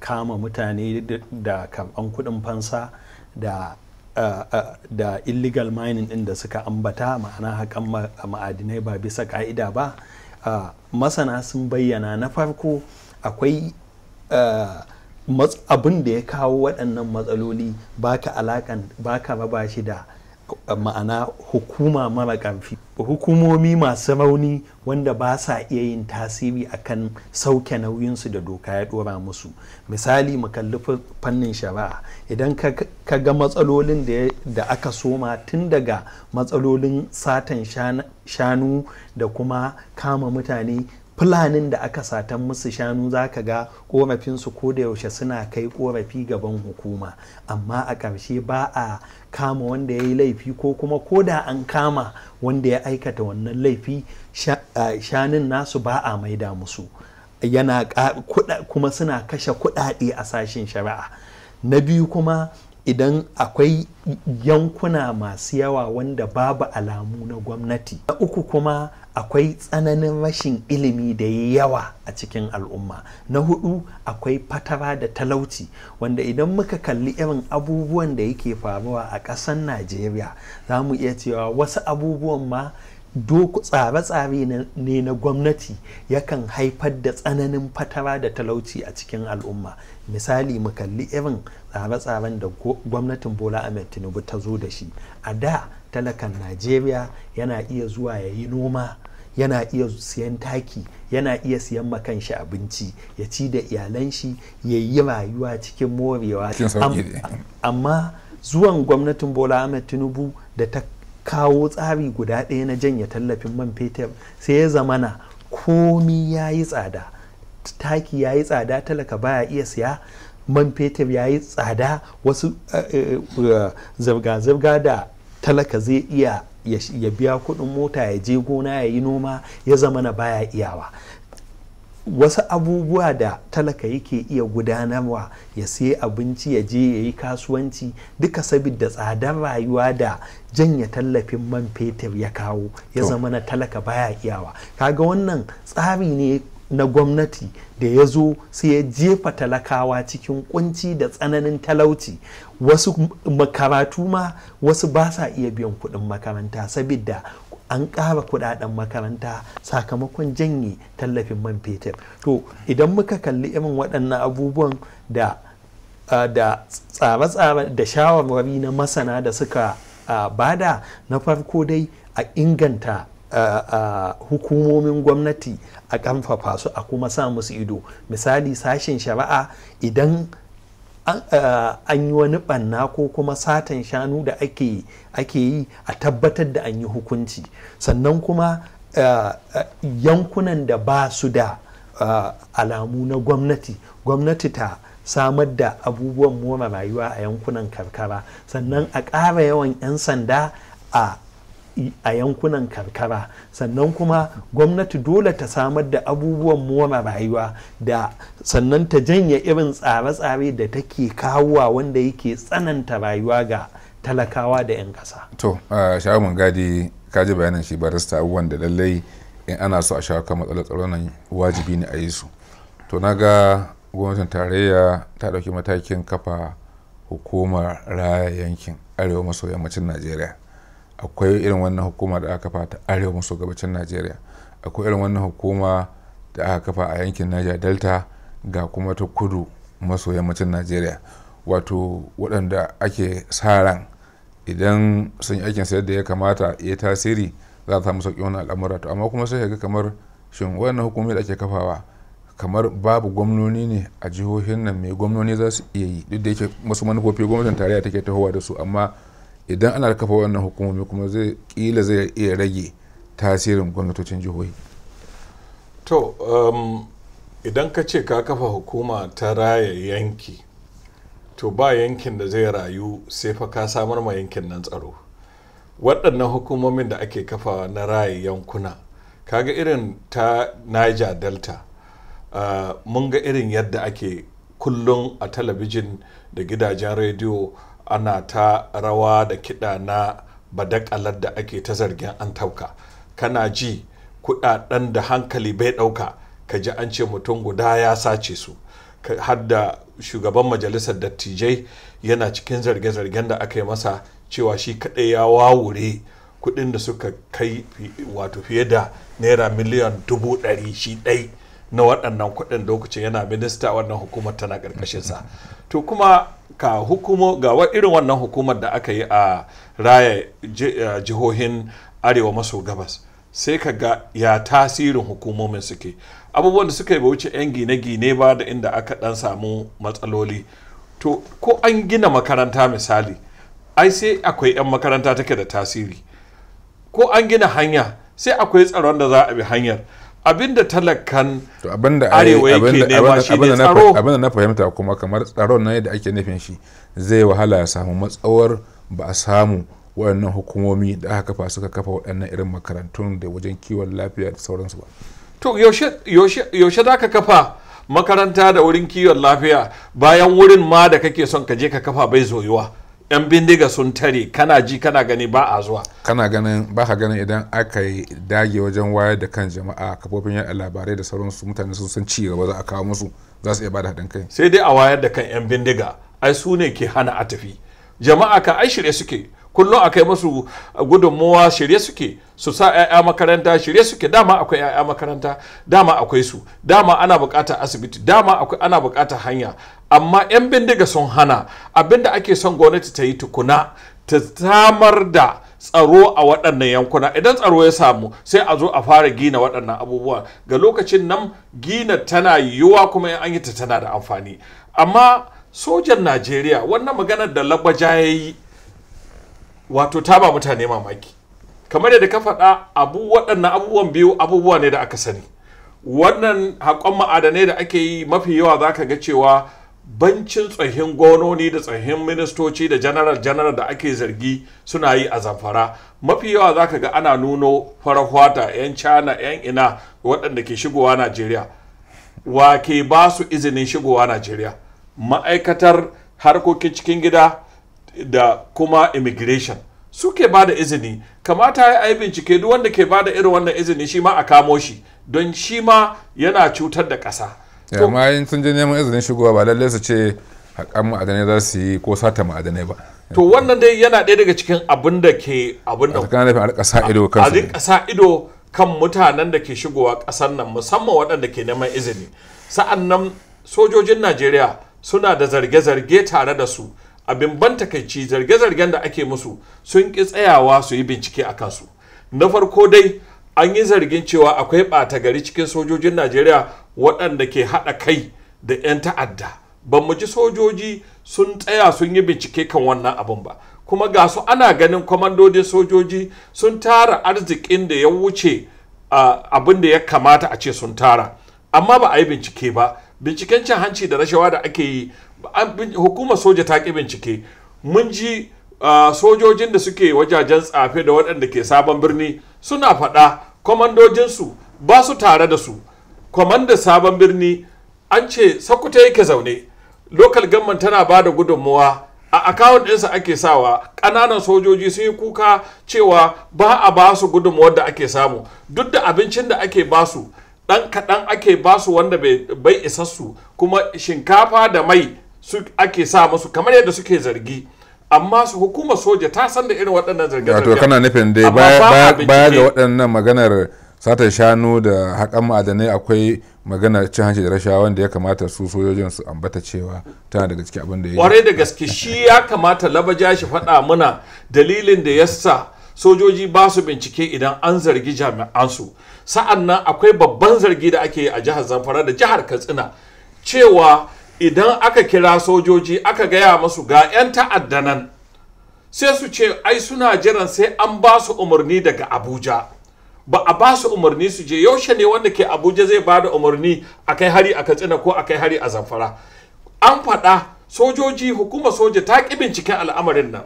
kama mutane da karban kudin fansa da da illegal mining din da suka ambata ma'ana haƙan ma'adinai ba bisa ƙa'ida ba masana sun bayyana na farko akwai abin da ya kawo waɗannan matsaloli baka ba ka raba shi da ma'ana hukuma mara ƙarfi hukumomi masu rauni wanda ba sa iya yin tasiri akan sauke nauyinsu da doka ya dora musu misali mu kalli fannin shari'a idan ka ga matsalolin da aka soma tun daga matsalolin satan shanu da kuma kama mutane fulanin da aka satan musu shanu za ka ga korafinsu ko da yaushe suna kai korafi gaban hukuma amma a ƙarshe ba a kama wanda ya yi laifi ko kuma ko da an kama wanda ya aikata wannan laifi shanin nasu ba a maida musu yana kuma suna kashe kudade a sashen shari'a na biyu kuma idan akwai yankuna masu yawa wanda babu alamu na gwamnati na uku kuma akwai tsananin rashin ilimi da yawa a cikin al'umma na hudu akwai fatara da talauci wanda idan muka kalli irin abubuwan da yake faruwa a ƙasar najeriya za mu iya cewa wasu abubuwan ma doku tsare-tsare ne na gwamnati yakan haifar da tsananin fatara da talauci a cikin al'umma misali mu kalli irin tsare-tsaren da gwamnatin bola ahmed tinubu ta zo da shi a da talakan najeriya yana iya zuwa ya yi noma yana iya siyan taki yana iya siyan makanshi shi abinci ya ci da iyalan shi ya yi rayuwa cikin morewa amma zuwan gwamnatin bola ahmed tinubu da ta kawo tsari guda ɗaya na janye tallafin man fetur sai ya zamana komi ya yi tsada taki ya yi tsada talaka baya iya siya man fetur ya yi tsada wasu eh, eh, eh, zirga-zirga da talaka zai iya ya biya kudin mota ya je gona ya yi noma ya zama na baya iyawa wasu abubuwa da talaka yake iya gudanarwa ya sayi abinci ya je ya yi kasuwanci duka sabida tsadar rayuwa da janya tallafin man fetur ya kawo ya zama na talaka baya iyawa kaga wannan tsari ne na gwamnati da ya zo sai ya jefa talakawa cikin kunci da tsananin talauci wasu makaratu ma wasu ba sa iya biyan kuɗin makaranta saboda an ƙara kuɗaɗen makaranta sakamakon janye tallafin man fetur to idan muka kalli irin waɗannan abubuwan da da tsare-tsare da shawarwari na masana da suka bada na farko dai a inganta hukumomin gwamnati a kamfafa su a kuma sa musu ido misali sashen shari'a idan an yi wani ɓanna ko kuma satan shanu da ake yi a tabbatar da an yi hukunci sannan kuma yankunan da ba su da alamu na gwamnati gwamnati ta samar da abubuwan more rayuwa a yankunan karkara sannan a ƙara yawan 'yan sanda a a yankunan karkara sannan kuma gwamnati dole ta samar da abubuwan more rayuwa da sannan ta janye irin tsare-tsare da take kawowa wanda yake tsananta rayuwa ga talakawa da 'yan kasa. to mun gadi kaji bayanan shi barista abubuwan da lallai in ana so a shawo kan matsalar tsaro wajibi ne a yi su to na ga gwamnatin tarayya ta ɗauki matakin kafa hukumar raya yankin arewa maso yammacin najeriya akwai irin wannan hukuma da aka kafa ta arewa maso gabacin najeriya akwai irin wannan hukuma da aka kafa a yankin niger delta ga kuma ta kudu maso yammacin najeriya wato waɗanda ake sa ran idan sun yi aikin sayar da ya kamata ya tasiri za a samu sauƙi wani al'amura to amma kuma sai ga kamar shin wannan hukumomi da ake kafawa kamar babu gwamnoni ne a jihohin nan mai gwamnoni za su iya yi duk da yake wasu manufofi gwamnatin tarayya take tahowa da su amma idan ana kafa wannan hukumomi kuma zai kila zai iya rage tasirin gwamnatocin jihohi to um, idan ka ce ka kafa hukuma ta raya yanki to ba yankin da zai rayu sai fa ka samar ma yankin nan tsaro waɗannan hukumomin da ake kafawa na raya yankuna kaga irin ta niger delta uh, mun ga irin yadda ake kullum a talabijin da gidajen rediyo ana ta rawa da kiɗa na badakalar da ake ta zargin an tauka kana ji kuɗaɗen da hankali bai ɗauka ka ji an ce mutum guda ya sace su har da shugaban majalisar dattijai yana cikin zarge-zargen da aka yi masa cewa shi kaɗai ya wawure kuɗin da suka kai wato fiye da naira miliyan dubu ɗari shi ɗai na waɗannan kuɗin lokacin yana minista wannan hukumar tana ƙarƙashinsa to kuma ka hukumo ga irin wannan hukumar da aka yi a raya eh, jihohin arewa maso gabas sai ka ga ya tasirin hukumomin suke abubuwan da suka yi ba wuce 'yan gine-gine ba da inda aka ɗan samu matsaloli to ko an gina makaranta misali ai sai akwai 'yan makaranta take da tasiri ko an gina hanya sai akwai tsaron da za a bi hanyar abinda talakan arewa yake nema shi ne tsaro abinda na fahimta kuma kamar tsaron na yadda ake nufin shi zai wahala ya samu matsawar ba a samu waɗannan hukumomi da aka kafa suka kafa waɗannan irin makarantun da wajen kiwon lafiya da sauransu ba to yaushe za ka kafa makaranta da wurin kiwon lafiya bayan wurin ma da kake son ka je ka kafa bai zoyuwa yan bindiga sun tare kana ji kana gani ba a zuwa kana ganin ba ka ganin idan aka yi dage wajen wayar da kan jama'a kafofin yan labarai da sauransu mutane sun san ci gaba za a kawo musu za su iya bada haɗin kai sai dai a wayar da kan yan bindiga ai su ne ke hana a tafi jama'a ka ai shirye suke kullum a kai musu gudunmuwa shirye suke su sa 'ya'ya makaranta shirye suke dama akwai 'ya'ya makaranta dama akwai su dama ana bukata asibiti dama akwai ana bukata hanya amma 'yan bindiga sun hana abinda ake son gwamnati ta yi tukuna ta samar da tsaro a waɗannan yankuna idan tsaro ya samu sai a zo a fara gina waɗannan abubuwa ga lokacin nan gina tana yiwuwa kuma an yi ta tana da amfani amma sojan najeriya wannan maganar da labaja ya yi wato ta ba mutane mamaki kamar yadda ka faɗa abu waɗannan abubuwan biyu abubuwa ne da aka sani wannan haƙon ma'adanai da ake yi mafi yawa za ka ga cewa bancin tsohin gononi da tsohin ministoci da janaral janaral da ake zargi suna yi a zamfara mafi yawa zaka ga ana nuno farahwata 'yan cana 'yan ina waɗanda ke shigowa najeriya wa ke ba su izinin shigowa najeriya ma'aikatar harkokin cikin gida da kuma immigration suke ba da izini kamata ya yi bincike duk wanda ke ba da irin wannan izini shi ma a kamo shi don shi ma yana cutar da ƙasa ya amma sun je neman izinin shigowa ba lallai su ce haƙan ma'adanai za su yi ko sata ma'adanai ba to wannan dai yana ɗaya daga cikin abin da ke abin da kuma a rika ido kan a ido kan mutanen da ke shigowa ƙasar nan musamman waɗanda ke neman izini sa'an nan sojojin Najeriya suna da zarge-zarge tare da su abin ban takaici zarge-zargen da ake musu sun ƙi tsayawa su yi bincike a kansu na farko dai an yi zargin cewa akwai ɓata gari cikin sojojin najeriya waɗanda ke haɗa kai da 'yan ta'adda ban mu ji sojoji sun tsaya sun yi bincike kan wannan abin ba kuma ga su ana ganin kwamandodin sojoji sun tara arzikin da ya wuce abin da ya kamata a ce sun tara amma ba a yi bincike ba binciken cin hanci da rashawa da ake yi hukumar soja ta ƙi bincike mun ji sojojin da suke wajajen tsafe da waɗanda ke sabon birni suna faɗa kwamandojinsu ba su tare da su komanda sabon birni an ce sakuta yake zaune lokal gamman tana ba da gudunmuwa a akawun ɗinsa ake sawa ƙananan sojoji sun yi kuka cewa ba a ba su gudunmuwar da ake samu duk da abincin da ake ba su ɗan kaɗan ake ba su wanda bai isassu kuma shinkafa da mai ake sa musu kamar yadda suke zargi amma su hukuma soja ta san da irin waɗannan zirga-zirga to kana nufin dai baya ga waɗannan maganar sata shanu da haƙan ma'adanai akwai maganar cin hanci da rashawa wanda ya kamata su sojojin su ambata cewa tana da gaske abin da ya yi kwarai da gaske shi ya kamata labaja shi faɗa mana dalilin da yasa sojoji ba su bincike idan an zargi jami'ansu sa'an nan akwai babban zargi da ake yi a jihar zamfara da jihar katsina cewa idan aka kira sojoji aka gaya masu ga 'yan ta'adda nan sai su ce ai suna jiran sai an ba su umarni daga abuja ba a ba su umarni su je yaushe ne wanda ke abuja zai ba da umarni a kai hari a katsina ko a kai hari a zamfara an faɗa sojoji hukumar soja ta ƙi binciken al'amarin nan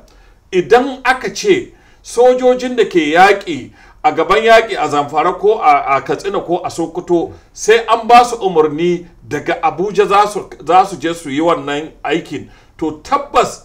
idan aka ce sojojin da ke yaƙi a gaban yaƙi a zamfara ko a katsina ko a sokoto sai an ba su umarni daga abuja za su je su yi wannan aikin to tabbas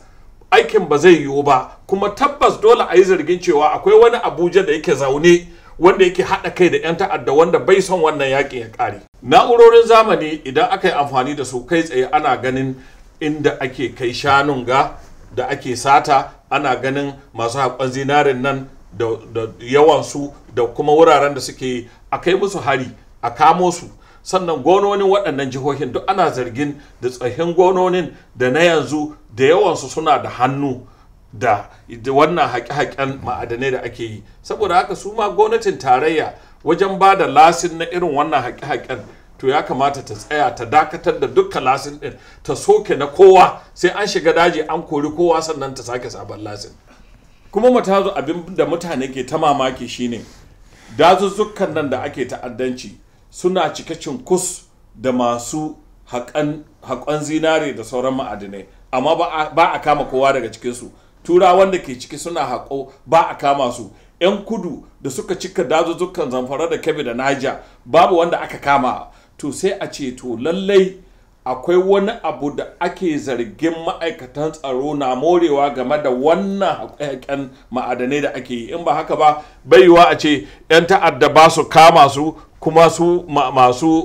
aikin ba zai yiwu ba kuma tabbas dole a yi zargin cewa akwai wani abuja da yake zaune wanda yake haɗa kai da 'yan ta'adda wanda bai son wannan yaƙi ya ƙare na'urorin zamani idan aka yi amfani da su kai tsaye ana ganin inda ake kai shanun ga da ake sata ana ganin masu haƙon zinarin nan da yawansu da kuma wuraren da suke a kai musu hari a kamo su sannan gononin waɗannan jihohin duk ana zargin da tsahin gononin da na yanzu da yawansu suna da hannu da wannan haƙe-haƙen ma'adanai da ake yi saboda haka su ma gwamnatin tarayya wajen ba da lasin na irin wannan haƙe-haƙen to ya kamata ta tsaya ta dakatar da dukkan lasin ɗin ta soke na kowa sai an shiga daji an kori kowa sannan ta sake sabon lasin kuma mu tazo abin da mutane ke ta mamaki shine dazuzzukan nan da ake ta'addanci suna cike kus da masu haƙon zinare da sauran ma'adinai amma ba a kama kowa daga cikinsu tura wanda ke ciki suna haƙo ba a kama su 'yan kudu da suka cika dazuzzukan zamfara da kebe da naija babu wanda aka kama to sai a ce to lallai akwai wani abu da ake zargin ma'aikatan tsaro na morewa game da wannan haƙaƙen ma'adanai da ake yi in ba haka ba baiwa a ce 'yan ta'adda ba su kama su kuma su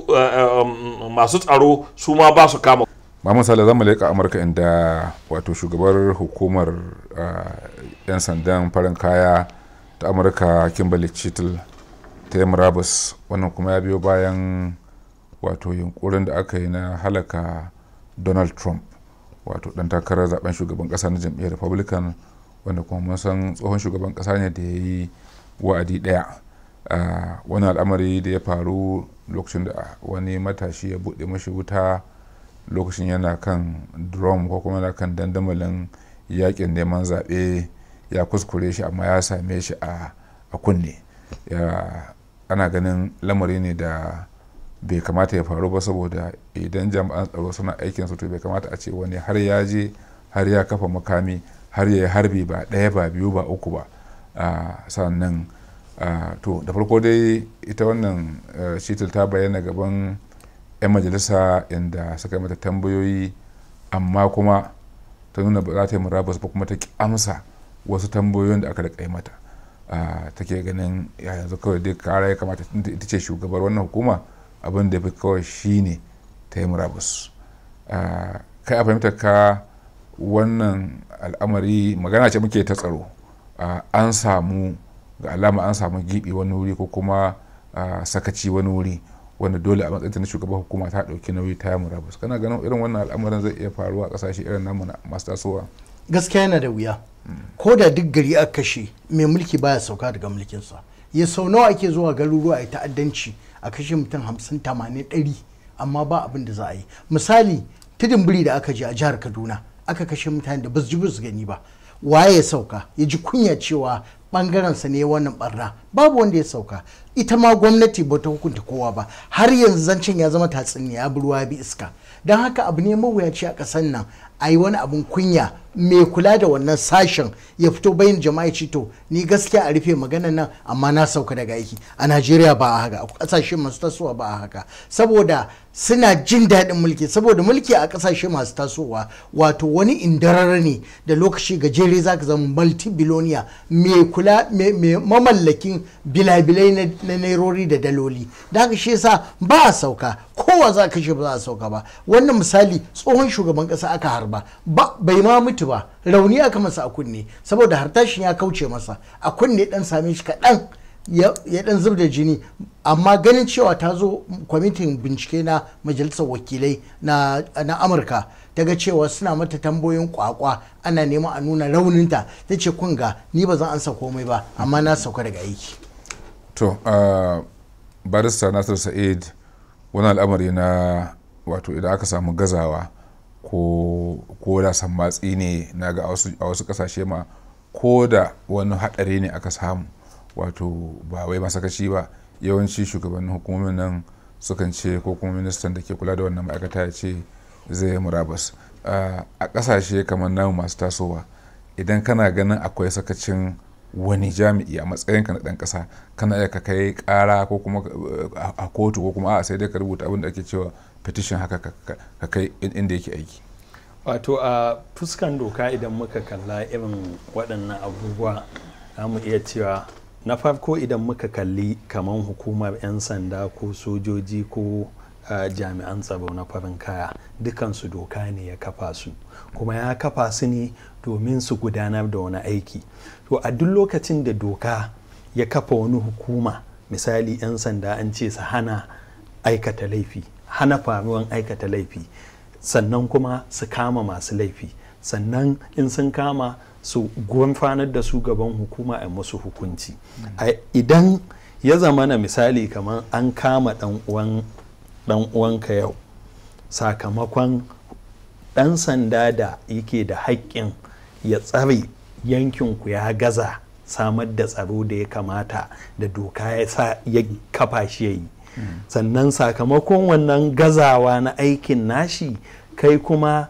eh, eh, um, masu tsaro su ma ba su kama ba misali zan leƙa amurka inda wato shugabar hukumar eh, 'yan sandan farin kaya ta amurka kimberly chittle ta yi murabus wannan kuma ya biyo bayan wato yunkurin da aka yi na halaka donald trump wato dan takarar zaben shugaban kasa na jam'iyyar republican wanda kuma mun san tsohon shugaban kasa ne da ya yi wa'adi daya wani al'amari da ya faru lokacin da wani matashi ya buɗe mashi wuta lokacin yana kan drum ko kuma yana kan dandamalin yakin neman zaɓe ya kuskure shi amma ya same shi a kunne ana ganin lamari ne da bai kamata ya faru ba saboda idan jami'an tsaro suna aikin su to bai kamata a ce wani har ya je har ya kafa makami har ya yi harbi ba ɗaya ba biyu ba uku ba sannan to da farko dai ita wannan shitil ta bayyana gaban 'yan majalisa inda suka mata tambayoyi amma kuma ta nuna ba za ta yi murabus ba kuma ta ki amsa wasu tambayoyin da aka da mata take ganin yanzu kawai dai kara ya kamata ita ce shugabar wannan hukuma abin da fi kawai shine ta yi murabus kai a fahimtar ka wannan al'amari magana ce muke ta tsaro an samu ga alama an samu gibi wani wuri ko kuma sakaci wani wuri wanda dole a matsayin na shugaban hukuma ta dauki nauyi ta murabus kana ganin irin wannan al'amarin zai iya faruwa a kasashe irin namu masu tasowa gaskiya yana da wuya ko da duk gari a kashe mai mulki baya sauka daga mulkinsa ya sau nawa ake zuwa garuruwa a ta'addanci a kashe mutum hamsin tamanin ɗari amma ba abin da za a yi misali tudun biri da aka ji a jihar kaduna aka kashe mutane da basu ji basu gani ba waye ya sauka ya ji kunya cewa bangarensa ne wannan barna babu wanda ya sauka ita ma gwamnati bata hukunta kowa ba har yanzu zancen ya zama tatsuniya ya bi ruwa bi iska don haka abu ne mawuyaci a ƙasar nan a yi wani abin kunya mai kula da wannan sashen ya fito bayan jama'a ce to ni gaskiya a rufe magana nan amma na sauka daga aiki a najeriya ba a haka a kasashe masu tasowa ba a haka saboda suna jin daɗin mulki saboda mulki a kasashe masu tasowa wato wani indarar ne da lokaci gajere za ka zama multibiloniya mai mai mamallakin bilabilai na nairori da daloli da shi yasa ba a sauka kowa za ka shi ba za a sauka ba wannan misali tsohon shugaban ƙasa aka harba bai ma mutu mutu ba rauni aka masa a kunne saboda hartashin ya kauce masa a kunne dan same shi kaɗan ya dan zub da jini amma ganin cewa ta zo kwamitin bincike na majalisar wakilai na, amurka ta ga cewa suna mata tambayoyin kwakwa ana neman a nuna rauninta ta ce kunga ni ba zan ansa komai ba amma na sauka daga aiki to uh, barista nasir sa'id wani al'amari na wato idan aka samu gazawa ko da sammatsi ne na ga a wasu kasashe ma ko da wani haɗari ne aka samu wato ba wai masakaci ba yawanci shugabannin hukumomin nan sukan ce ko kuma ministan da ke kula da wannan ma'aikata ya ce zai murabas a kasashe kamar namu masu tasowa idan kana ganin akwai sakacin wani jami'i a matsayinka na ɗan ƙasa kana iya ka kai ƙara ko kuma a kotu ko kuma a sai dai ka rubuta abin da ake cewa petition haka ka kai inda yake aiki wato a fuskan doka idan muka kalla irin waɗannan abubuwa za mu iya cewa na farko idan muka kalli kamar hukumar 'yan sanda ko sojoji ko jami'an tsaro na farin kaya dukansu doka ne ya kafa su kuma ya kafa su ne domin su gudanar da wani aiki to a duk lokacin da doka ya kafa wani hukuma misali 'yan sanda an ce su hana aikata laifi hana faruwan aikata laifi sannan kuma su kama masu laifi sannan in sun kama su gurfanar da su gaban hukuma a musu hukunci idan ya zama na misali kamar an kama dan uwanka yau sakamakon dan sanda da yake da haƙƙin ya tsare yankinku ya gaza samar da tsaro da ya kamata da doka ya kafa shi ya yi sannan sakamakon wannan gazawa na aikin nashi kai kuma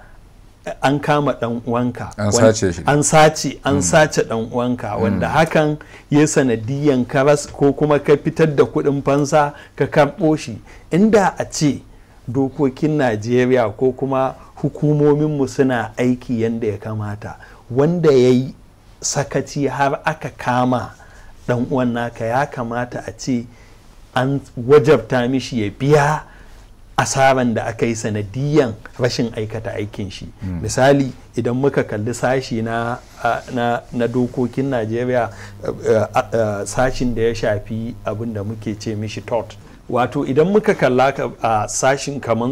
an kama dan uwanka an sace shi an sace dan mm. uwanka mm. wanda hakan ya sanadiyan karas ko kuma ka fitar da kudin fansa ka karbo shi inda a ce dokokin najeriya ko kuma hukumominmu suna aiki yadda ya kamata wanda ya yi sakaci har aka kama dan uwan naka ya kamata a ce an wajabta mishi ya biya asaran da aka yi sanadiyan rashin aikata aikin shi hmm. misali idan muka kalli sashi na, dokokin najeriya sashin da ya shafi abin muke ce mishi tort wato idan muka kalla a sashin kamar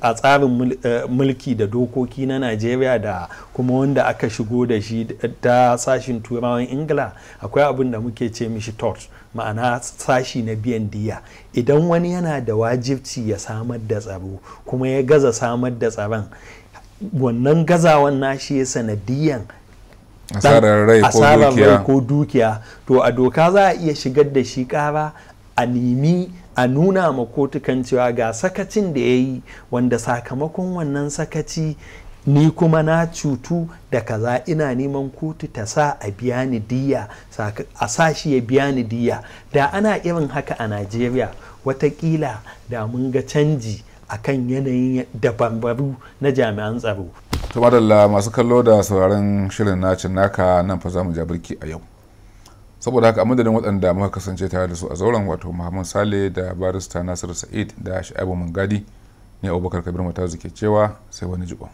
a tsarin eh, mulki da dokoki na najeriya da kuma wanda aka shigo da shi ta sashin turawan ingila akwai abin da muke ce mishi tort ma'ana sashi na biyan diya idan wani yana da wajibci ya samar da tsaro kuma ya gaza samar da tsaron wannan gazawan nashi ya sanadiyan asarar rai ko dukiya to a doka za a iya shigar da shi kara a nemi a nuna ma kotukan cewa ga sakacin da ya yi wanda sakamakon wannan sakaci ni kuma na cutu da kaza ina neman kotu ta sa a biya ni diya a shi ya biya ni diya da ana irin haka a najeriya watakila da mun ga canji akan yanayin dabarbaru na jami'an tsaro. to masu kallo da sauraron shirin nacin naka nan fa za mu ja birki a yau saboda haka a madadin waɗanda muka kasance tare da su a zauren wato muhammad sale da barista nasiru sa'id da sha'ibu mangadi ne abubakar kabir matazu ke cewa sai wani jiko.